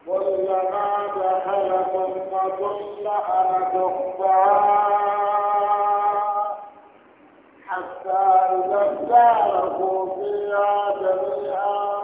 كلما دخل أمة لعنت أختها حتى إذا اداركوا فيها جميعا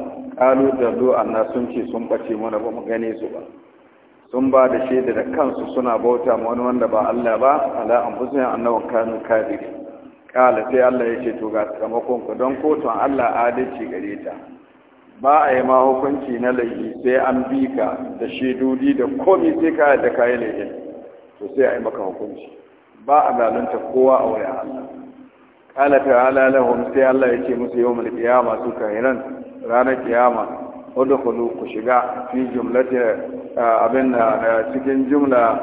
kalu da zo anna sun ce sun bace mana ba mu gane su ba sun ba da shaida da kansu suna bauta ma wani wanda ba Allah ba ala an anfusihim annahum kanu kadiri kala sai Allah ya ce to ga sakamakon ku don kotun Allah adalci gare ta ba a yi ma hukunci na laifi sai an bi ka da shaidodi da komi sai ka da kayi laifin to sai a yi maka hukunci ba a zalunta kowa a wurin Allah qala ta'ala lahum sai Allah ya ce musu yawmul qiyama su kahiran ranar kiyama udkhulu ku shiga fi jumlati abin da cikin jumla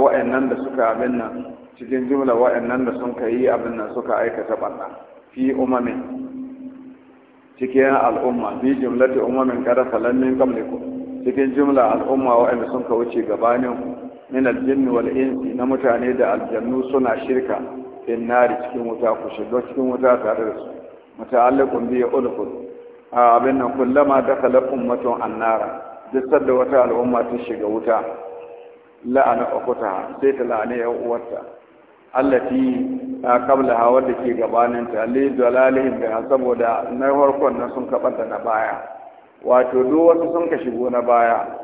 wa'annan da suka abin nan cikin jumla wa'annan da sun kai abin nan suka aikata banna fi umamin cikin al'umma fi jumlati umamin kada falan min qablikum cikin jumla al'umma wa'anda sun ka wuce gabanin min aljinni wal insi na mutane da aljannu suna shirka in nari cikin wuta ku shiga cikin wuta tare da su muta'alliqun bi ulqul abin nan kullama dakhala ummatun annara duk da wata al'umma ta shiga wuta la'ana ukuta sai ta la'ana ya uwarta allati kabla ha wanda ke gabanin ta li dalalihim bi saboda na farkon na sun da na baya wato duk wasu sun ka shigo na baya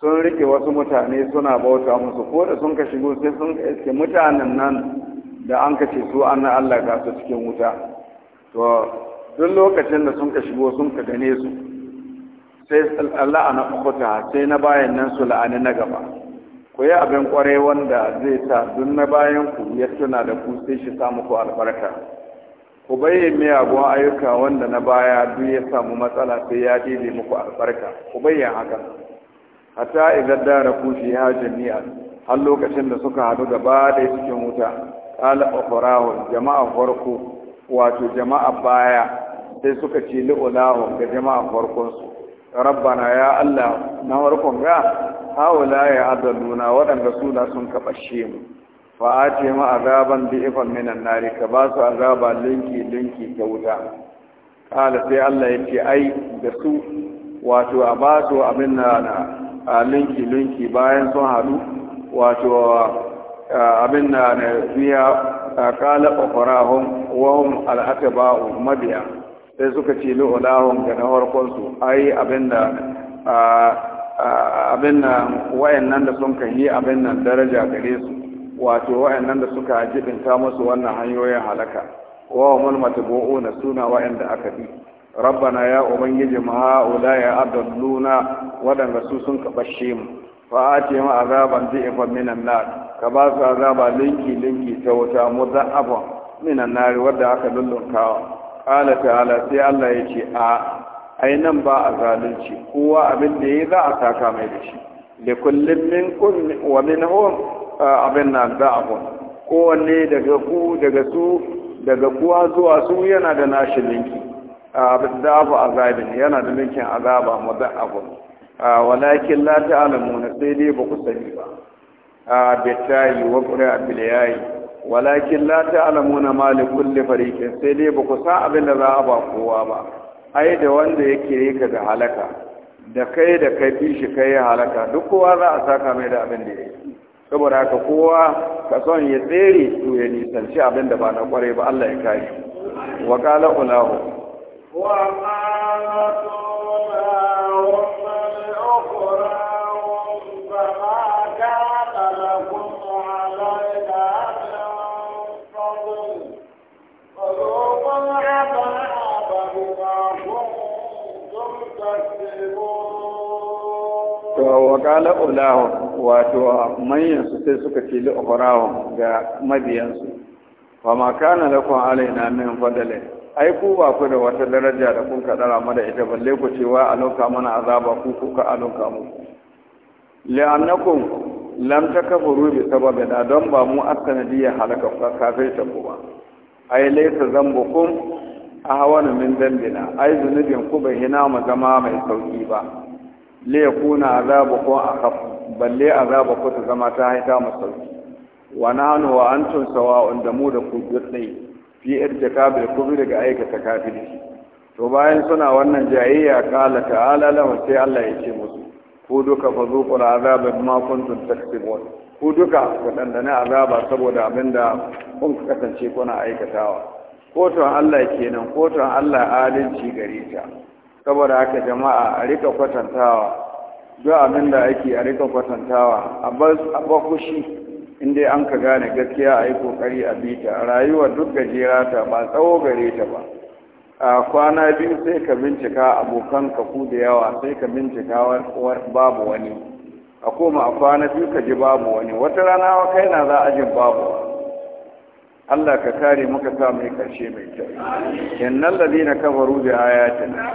sun rike wasu mutane suna bauta musu ko da sun ka shigo sai sun iske mutanen nan da an kace su an Allah ga su cikin wuta to duk lokacin da sun ka shigo sun ka gane su sai Allah ana kuta sai na bayan nan su la'ani na gaba ku yi abin kwarai wanda zai sa duk na bayan ku ya tuna da ku sai shi albarka ku bayyana miyagun ayyuka wanda na baya duk ya samu matsala sai ya dide muku albarka ku bayyana haka hatta idan da ku shi hajin jami'a har lokacin da suka hadu gaba da cikin wuta qala ukhrahu jama'a farko wato jama'a baya sai suka ce ulahu ga jama'a farkon su rabbana ya Allah na farkon ga haula ya adaluna waɗanda su da sun kabashe mu fa ati ma azaban bi ifan minan nari ka ba su azaba linki linki ta wuta qala sai Allah yake ai da su wato a ba su abin na linki linki bayan sun hadu? wato abin na a kala ƙwafarahun wahun al'ataba'u mabiya sai suka ce lu'ulahun ga na harkonsu ai abin da abin nan da sun kan yi abin nan daraja gare su wato nan da suka jibinta musu wannan hanyoyin halaka wa mul matbu'u na suna da aka bi rabbana ya ubangiji ma haula ya adalluna waɗanda su sun kabashe mu fa ce ma azaban zai'ifan minan nar ka ba su azaba linki linki ta wuta muzaffan minan nar wadda aka lullunkawa qala ta'ala sai Allah ya ce a ai nan ba a zalunci kowa abin da ya za a saka mai da shi kullum min kun wa minhum abin na da'afun kowanne daga ku daga su daga kuwa zuwa su yana da nashi linki abin da da'afu azabin yana da linkin azaba muzaffan walakin la na, sai dai ba ku sani ba a bitayi wa qura yayi walakin la ta'lamuna na kulli fariqin sai dai ba ku sa abin da za a ba kowa ba ai da wanda yake ka da halaka da kai da kai bi shi kai halaka duk kowa za a saka mai da abin da yake saboda haka kowa ka son ya tsere to ya nisanci abin da ba na kware ba Allah ya kai wa qala ulahu wa qala to wa qala ulahu wato manyan su sai suka ce li ukhrahu ga mabiyan su fa ma kana lakum alaina min fadli ai ku ba ku da wata daraja da kun kadara mu ita balle ku wa aloka mana azaba ku ku ka aloka mu annakum lam takfuru bi sababi da don ba mu asanadiyya halaka kafir ta ku ba ai laysa zambukum ahwana min dambina ai zunubin ku bai hina mu zama mai sauki ba le ya kuna azabu ko a kaf balle azabu ko ta zama ta haita masauki wa nahnu wa antum sawa'un da mu da ku dai fi irtikabil kubri daga aikata kafirci to bayan suna wannan jayayya kala ta'ala lahu sai Allah ya ce musu ku duka fa zuqul azaba bima kuntum taksibun ku duka ku dandana azaba saboda abinda kun kasance kuna aikatawa kotun Allah kenan kotun Allah adalci gare ta saboda haka jama'a a rika kwatantawa duk abin da ake a rika kwatantawa a ba kushi inda an ka gane gaskiya a yi kokari a bita rayuwa duk gajera ta ba tsawo gare ta ba a kwana biyu sai ka bincika abokan ka ku da yawa sai ka bincika babu wani a koma a kwana biyu ka ji babu wani wata rana wa kai na za a jin babu Allah ka kare muka sa mai karshe mai kyau innal ladina kafaru bi ayatina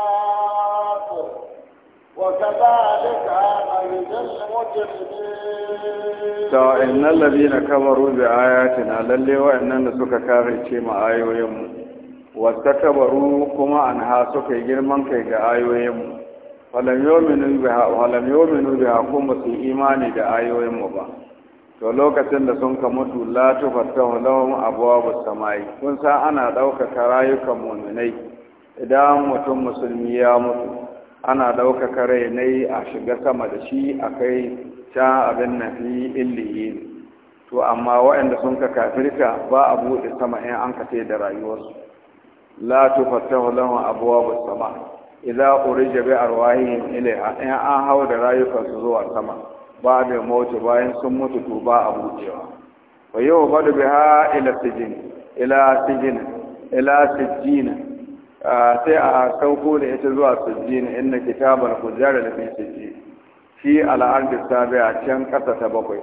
ta'in labi na kabaru bi ayatina lalle wa'annan da suka karance mu ayoyin mu wasta kabaru kuma an ha girman kai ga ayoyin mu falam yu'minu biha falam yu'minu imani da ayoyin ba to lokacin da sun kama mutu la tu fatahu lahum abwabus samai kun san ana ɗaukaka rayukan mu'minai idan mutum musulmi ya mutu ana ɗaukaka rai ne a shiga sama da shi a kai ta abin na fi illiyin to amma waɗanda sun ka kafirka ba a buɗe sama in an ka da rayuwarsu la a lahu abwabu sama idza urija bi arwahihim ilaiha in an hau da rayukansu zuwa sama ba da mutu bayan sun mutu to ba a buɗewa wa yau badu biha ila sijin ila sijin ila sijina sai a sauko da ita zuwa sujjin inna kitabar hujjar da fi sujji fi al'ardi sabi'a can kasa ta bakwai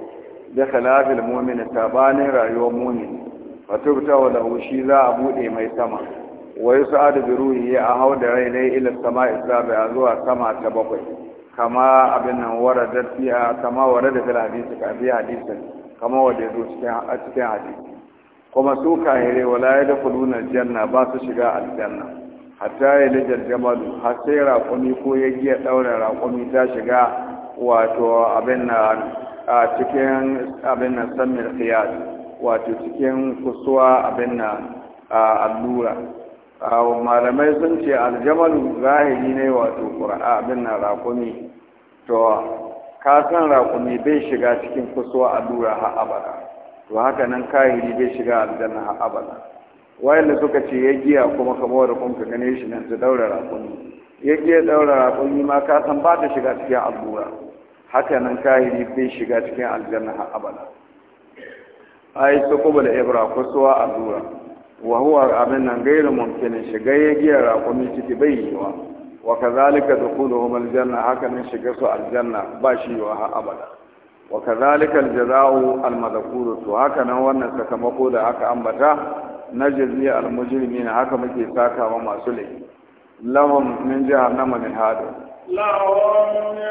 da khalafil mu'min sabanin rayuwar mu'min wa tubta wa lahu shi za a bude mai sama wa su bi ruhi a hau da rai ne ila sama'i sabi'a zuwa sama ta bakwai kama abin nan warada fiya kama warada da hadisi ka fi hadisin kama wanda yazo cikin cikin hadisi kuma su kahire wala kuluna janna ba su shiga aljanna hatta ya lajar jamalu har sai raƙumi ko ya giya ɗaura raƙumi ta shiga wato abin na a cikin abin na samir khiyas wato cikin kusuwa abin na allura malamai sun ce aljamalu zahiri ne wato ƙura'a abin na raƙumi to ka san raƙumi bai shiga cikin kusuwa allura har abada to haka nan kahiri bai shiga aljanna har abada wayanda suka ce ya giya kuma kamar da kun ka gane shi nan su daura rakumi ya giya daura rakumi ma ka san ba ta shiga cikin allura haka nan kahiri bai shiga cikin aljanna har abada ai su kuma da ibra suwa allura wa huwa abin nan gairu mumkinin shiga ya giya rakumi ciki bai yiwa wa kazalika dukhuluhum aljanna haka nan shiga su aljanna ba shi yiwa har abada wa kazalika aljaza'u almadhkur to haka nan wannan sakamako da aka ambata na jaziya almujirmi na haka muke saka wa masu laifi lahum min jahannama min hadu lahum min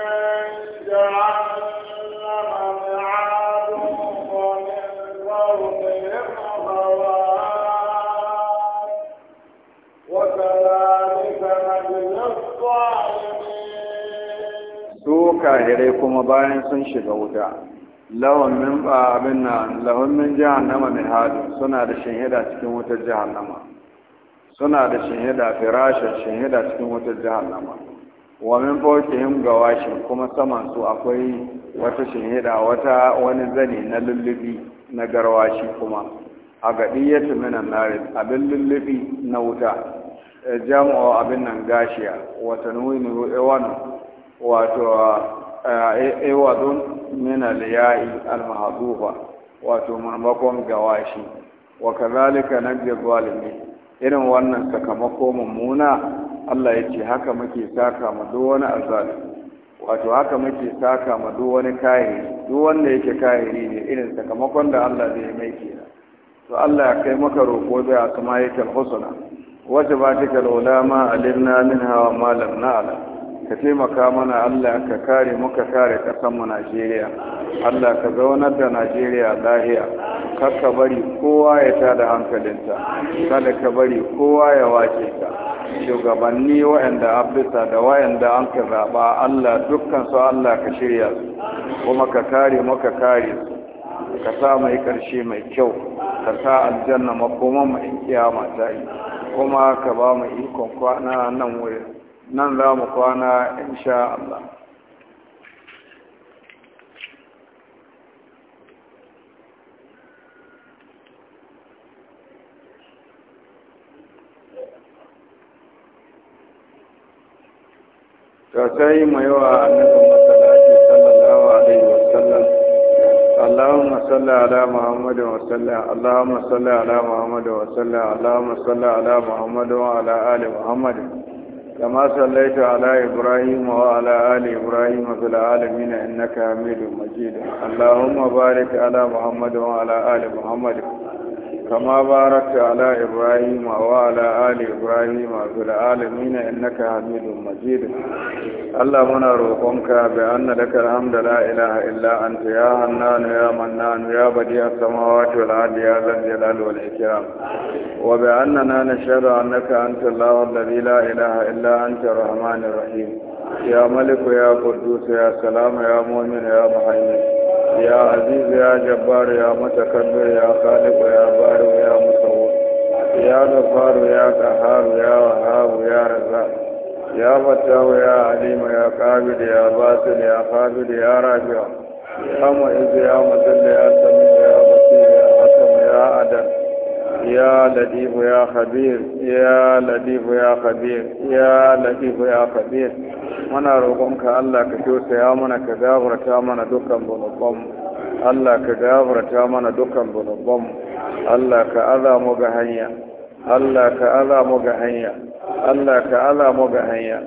jahannama min hadu wa su kahirai kuma bayan sun shiga wuta lawan min ba abin na lawan min jahannama mai hadu suna da shahida cikin wutar jahannama suna da shahida firashin shahida cikin wutar jahannama wa min fawqihim gawashin kuma saman su akwai wata shahida wata wani zane na lullubi na garwashi kuma a ci minan narin abin lullubi na wuta eh, jam'o abin nan gashiya wata nuhinu iwan wato aiwadun eh, eh, min al-ya'i al-mahdufa wato marmakon gawashi wa kazalika najzi zalimi irin wannan sakamako mummuna Allah ya ce haka muke saka ma duk wani azalimi wato haka muke saka ma duk wani kahiri duk wanda yake kahiri ne irin sakamakon da Allah zai mai kira to Allah ya kai maka roƙo da asma'ikal husna wa tabatikal ulama alimna minha wa ma lam na'lam ka taimaka mana Allah ka kare muka kare mu Najeriya Allah ka zaunar da Najeriya lahiya kar ka bari kowa ya tada hankalinta kada ka bari kowa ya wace ta shugabanni waɗanda abdusa da waɗanda an ka zaɓa Allah dukkan su Allah ka shirya su kuma ka kare muka kare ka sa mai ƙarshe mai kyau ka sa aljanna makoman mai kiyama ta yi kuma ka ba mu ikon kwana nan wurin nan za mu kwana insha Allah. Sosai mai wa annabin masalaci sallallahu Alaihi wasallam, Allahumma salli ala Muhammadu wasallam, Allahumma salli ala Muhammadu wasallam, Allahumma salli ala Muhammadu wa ala Ali Muhammadu. كما صليت على إبراهيم وعلى آل إبراهيم في العالمين إنك حميد مجيد اللهم بارك على محمد وعلى آل محمد كما باركت على إبراهيم وعلى آل إبراهيم في العالمين إنك حميد مجيد اللهم نروقك بأن لك الحمد لا إله إلا أنت يا حنان يا منان يا بديع السماوات والأرض يا ذا الجلال والإكرام وبأننا نشهد أنك أنت الله الذي لا إله إلا أنت الرحمن الرحيم يا ملك يا قدوس يا سلام يا مؤمن يا مهيمن ya aziz ya jabbar ya matakabbir ya khaliq ya bar ya musawwir ya gaffar ya qahhar ya wahhab ya razzaq ya fattah ya alim ya qabid ya basir ya qabid ya rafi' ya mu'izz ya mudill ya samii ya basir ya hakim ya adil Ya لطيف يا خبير يا لطيف يا خبير يا لطيف يا خبير muna roƙonka Allah ka tausaya mana ka gafarta mana dukkan zunubanmu Allah ka gafarta mana dukkan zunubanmu Allah ka aza hanya Allah ka aza hanya Allah ka aza hanya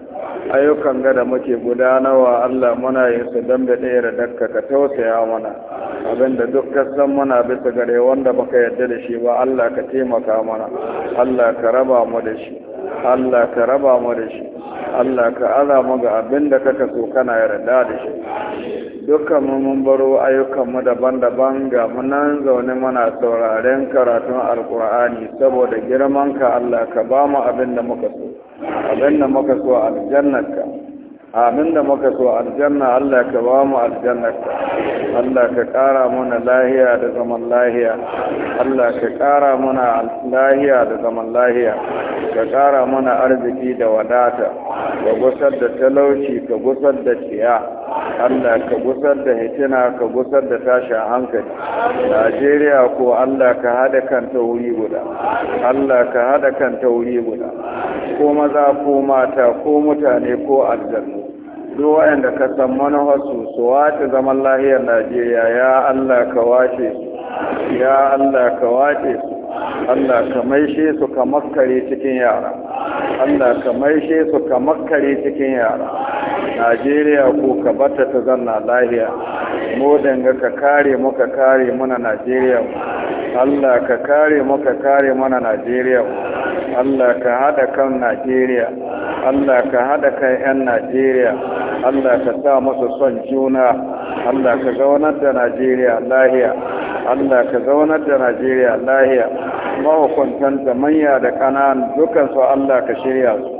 ayyukan gada da muke gudanarwa Allah muna yin su dan da da dakka ka tausaya mana abinda duk kasan muna bisa gare wanda baka yarda da shi ba Allah ka taimaka mana Allah ka raba mu da shi Allah ka raba mu da shi Allah ka ala mu ga abinda kaka so kana yarda da shi dukkan mu mun baro ayyukan mu daban-daban ga mu nan zaune muna sauraren karatun alkur'ani saboda girman ka Allah ka ba mu abinda muka so abinda muka so aljannarka Amin da muka so aljanna Allah ka ba mu aljannarka Allah ka ƙara mana lahiya da zaman lahiya Allah ka ƙara mana lahiya da zaman lahiya ka ƙara mana arziki da wadata ka gusar da talauci ka gusar da ciya Allah ka gusar da hitina ka gusar da tashin hankali Najeriya ko Allah ka haɗa kan wuri guda Allah ka haɗa kan wuri guda ko maza ko mata ko mutane ko aljanna duk da ka san manufarsu su wace zaman lahiyar Najeriya ya Allah ka wace su ya Allah ka wace su Allah ka maishe su ka makare cikin yara Allah ka maishe su ka makare cikin yara Najeriya ko ka bata ta zanna lahiya mu danga ka kare mu ka kare muna Najeriya Allah ka kare mu ka kare mana Najeriya Allah ka hada kan Najeriya Allah ka hada kan 'yan Najeriya Allah ka sa musu son juna Allah ka zaunar da Najeriya lahiya Allah ka zaunar da Najeriya lahiya da manya da ƙanan dukansu Allah ka shirya su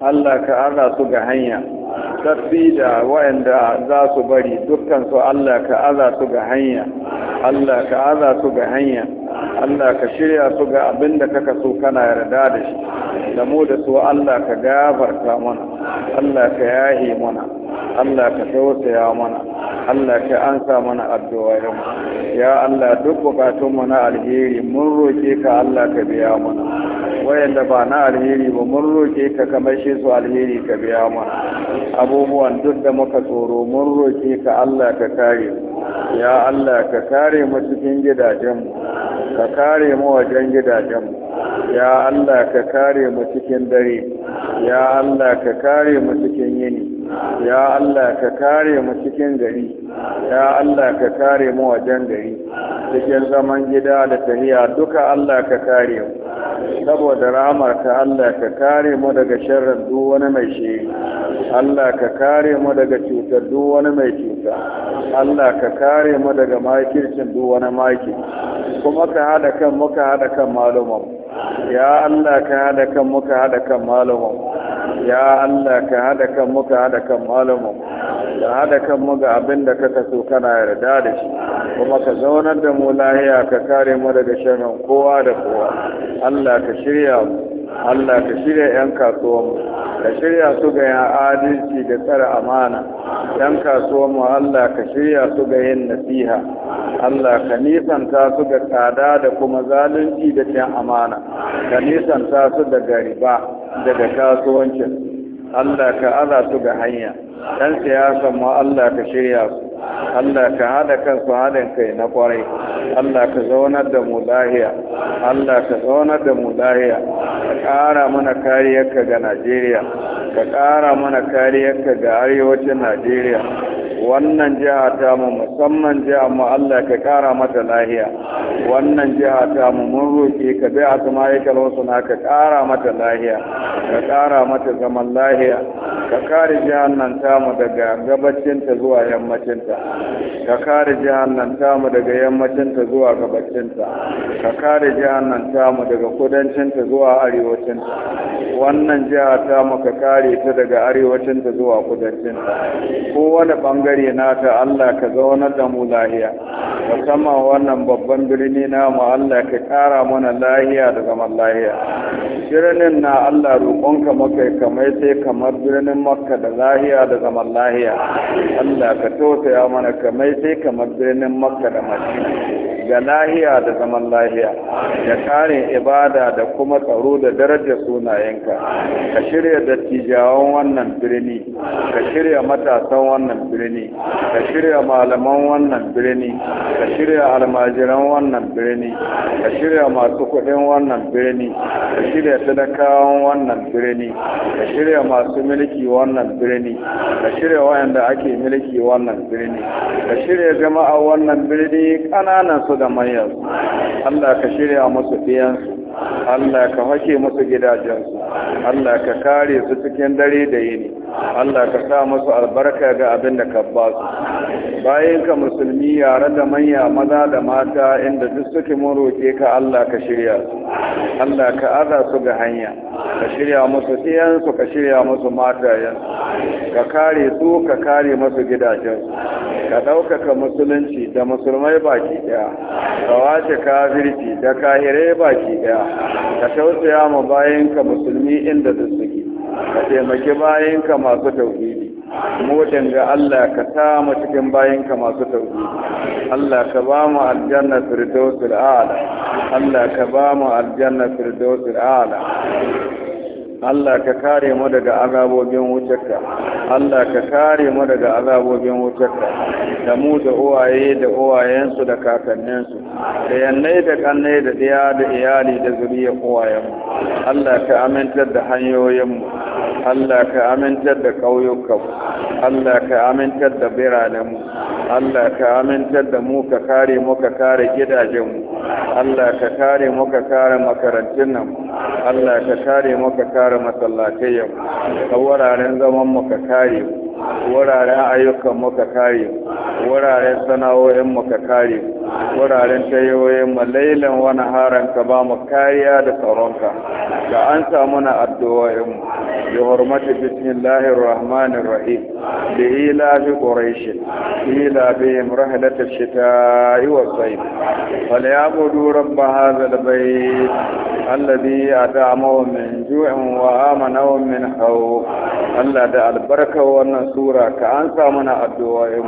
Allah ka arra su ga hanya tafi da waɗanda za su bari dukansu Allah ka aza su ga hanya Allah ka aza su ga hanya Allah ka shirya su ga abin da kaka so kana yarda da shi da mu da su Allah ka gafarta mana Allah ka yahe mana Allah ka tausaya mana Allah ka ansa mana addu'a ya Allah duk bukatun mu na alheri mun roke ka Allah ka biya mana wayanda ba na alheri ba mun roke ka kamar shi su alheri ka biya mana abubuwan duk da muka tsoro mun roke ka Allah ka kare ya Allah ka kare mu cikin gidajenmu ka kare mu wajen gidajenmu ya Allah ka kare mu cikin dare ya Allah ka kare mu cikin yini ya Allah ka kare mu cikin gari ya Allah ka kare mu wajen gari cikin zaman gida da tahiya duka Allah ka kare mu saboda ramar ka Allah ka kare mu daga sharrin duk wani mai shiri Allah ka kare mu daga cutar duk wani mai cuta Allah ka kare mu daga makircin duk wani maki kuma ka hada kan muka hada kan malumanmu ya Allah ka hada kan muka hada kan malumanmu ya Allah ka hada kan mu hada kan malamu ka hada kan mu ga abin da kaka kana yarda da shi kuma ka zaunar da mu lahiya ka kare mu daga sharrin kowa da kowa Allah ka shirya mu Allah ka shirya 'yan kasuwanmu ka shirya su ga yan adalci da tsara amana 'yan mu Allah ka shirya su ga yin nasiha Allah ka nisanta su ga tsada da kuma zalunci da cin amana ka nisanta su daga riba daga kasuwancin Allah ka aza su ga hanya 'yan siyasan mu Allah ka shirya su Allah ka hada kansu halin kai na kwarai Allah ka zaunar da mu lahiya Allah ka zaunar da mu lahiya ka ƙara mana kariyarka ga Najeriya ka ƙara mana kariyarka ga arewacin Najeriya wannan jiha ta mu musamman jiha mu Allah ka kara mata lahiya wannan jiha ta mu mun roƙe ka bi asma'ikal suna ka kara mata lahiya ka kara mata zaman lahiya ka kare jihar nan ta mu daga gabacin ta zuwa yammacin ta ka kare jihar nan ta mu daga yammacin ta zuwa gabacin ta ka kare jihar nan ta mu daga kudancin ta zuwa arewacin ta wannan jiha ta mu ka kare ta daga arewacin ta zuwa kudancin ta kowane bangare bangare ta Allah ka zaunar da mu lahiya musamman wannan babban birni mu Allah ka kara mana lahiya da zaman lahiya birnin na Allah roƙonka maka kamar sai kamar birnin makka da lahiya da zaman lahiya Allah ka tausaya mana kamar sai kamar birnin makka da madina ga lahiya da zaman lahiya da kare ibada da kuma tsaro da darajar sunayenka ka shirya dattijawan wannan birni ka shirya matasan wannan birni birni ka shirya malaman wannan birni ka shirya almajiran wannan birni ka shirya masu kuɗin wannan birni ka shirya talakawan wannan birni ka shirya masu mulki wannan birni ka shirya wayanda ake mulki wannan birni ka shirya jama'a wannan birni ƙananan su da manyan Allah ka shirya musu ɗiyansu Allah ka hake musu gidajensu Allah ka kare su cikin dare da yini Allah ka sa musu albarka ga abin da ka ba su bayan ka musulmi yare da manya maza da mata inda duk suke mun roƙe ka Allah ka shirya su Allah ka aza su ga hanya ka shirya musu ɗiyansu ka shirya musu matayensu ka kare su ka kare musu gidajensu ka ɗaukaka musulunci da musulmai baki ɗaya ka wace kafirci da kahirai baki ɗaya ka tausaya ma bayanka musulmi inda su suke ka taimaki bayanka masu tauhidi Mu ga Allah ka sa mu cikin bayanka masu tauhidi Allah ka ba mu aljanna firdausul a'la Allah ka ba mu aljanna firdausul a'la Allah ka kare mu daga azabobin wutarka Allah ka kare mu daga azabobin wutarka da mu da uwaye da uwayensu da kakanninsu da yannai da kannai da ɗaya da iyali da zuriyar uwayenmu Allah ka amintar da hanyoyinmu Allah ka amintar da ƙauyukanmu Allah ka amintar da biranenmu Allah ka amintar da mu ka kare mu ka kare gidajenmu Allah ka kare mu ka kare makarantun nan Allah ka kare mu ka kare gyara masallatai yau a wuraren zaman mu ka kare mu wuraren ayyukan muka kare wuraren sana'o'in muka kare wuraren tayoyin mu lailan wani haran ka ba mu kariya da tsaronka da an samu na addu'o'in mu bi hurmati bismillahir rahmanir rahim bi ila bi quraish ila bihim rahlat ash-shita'i was-sayf falyabudu rabb hadha al-bayt alladhi at'amahum min ju'in wa amanahum min khawf Allah da albarka wannan tura ka an sa mana addu'o'in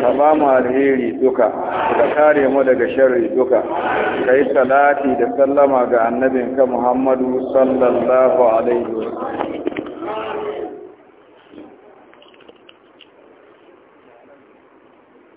ka ba mu alheri duka ka kare mu daga sharri duka ka yi salati da sallama ga annabinka Muhammadu sallallahu alaihi wasallam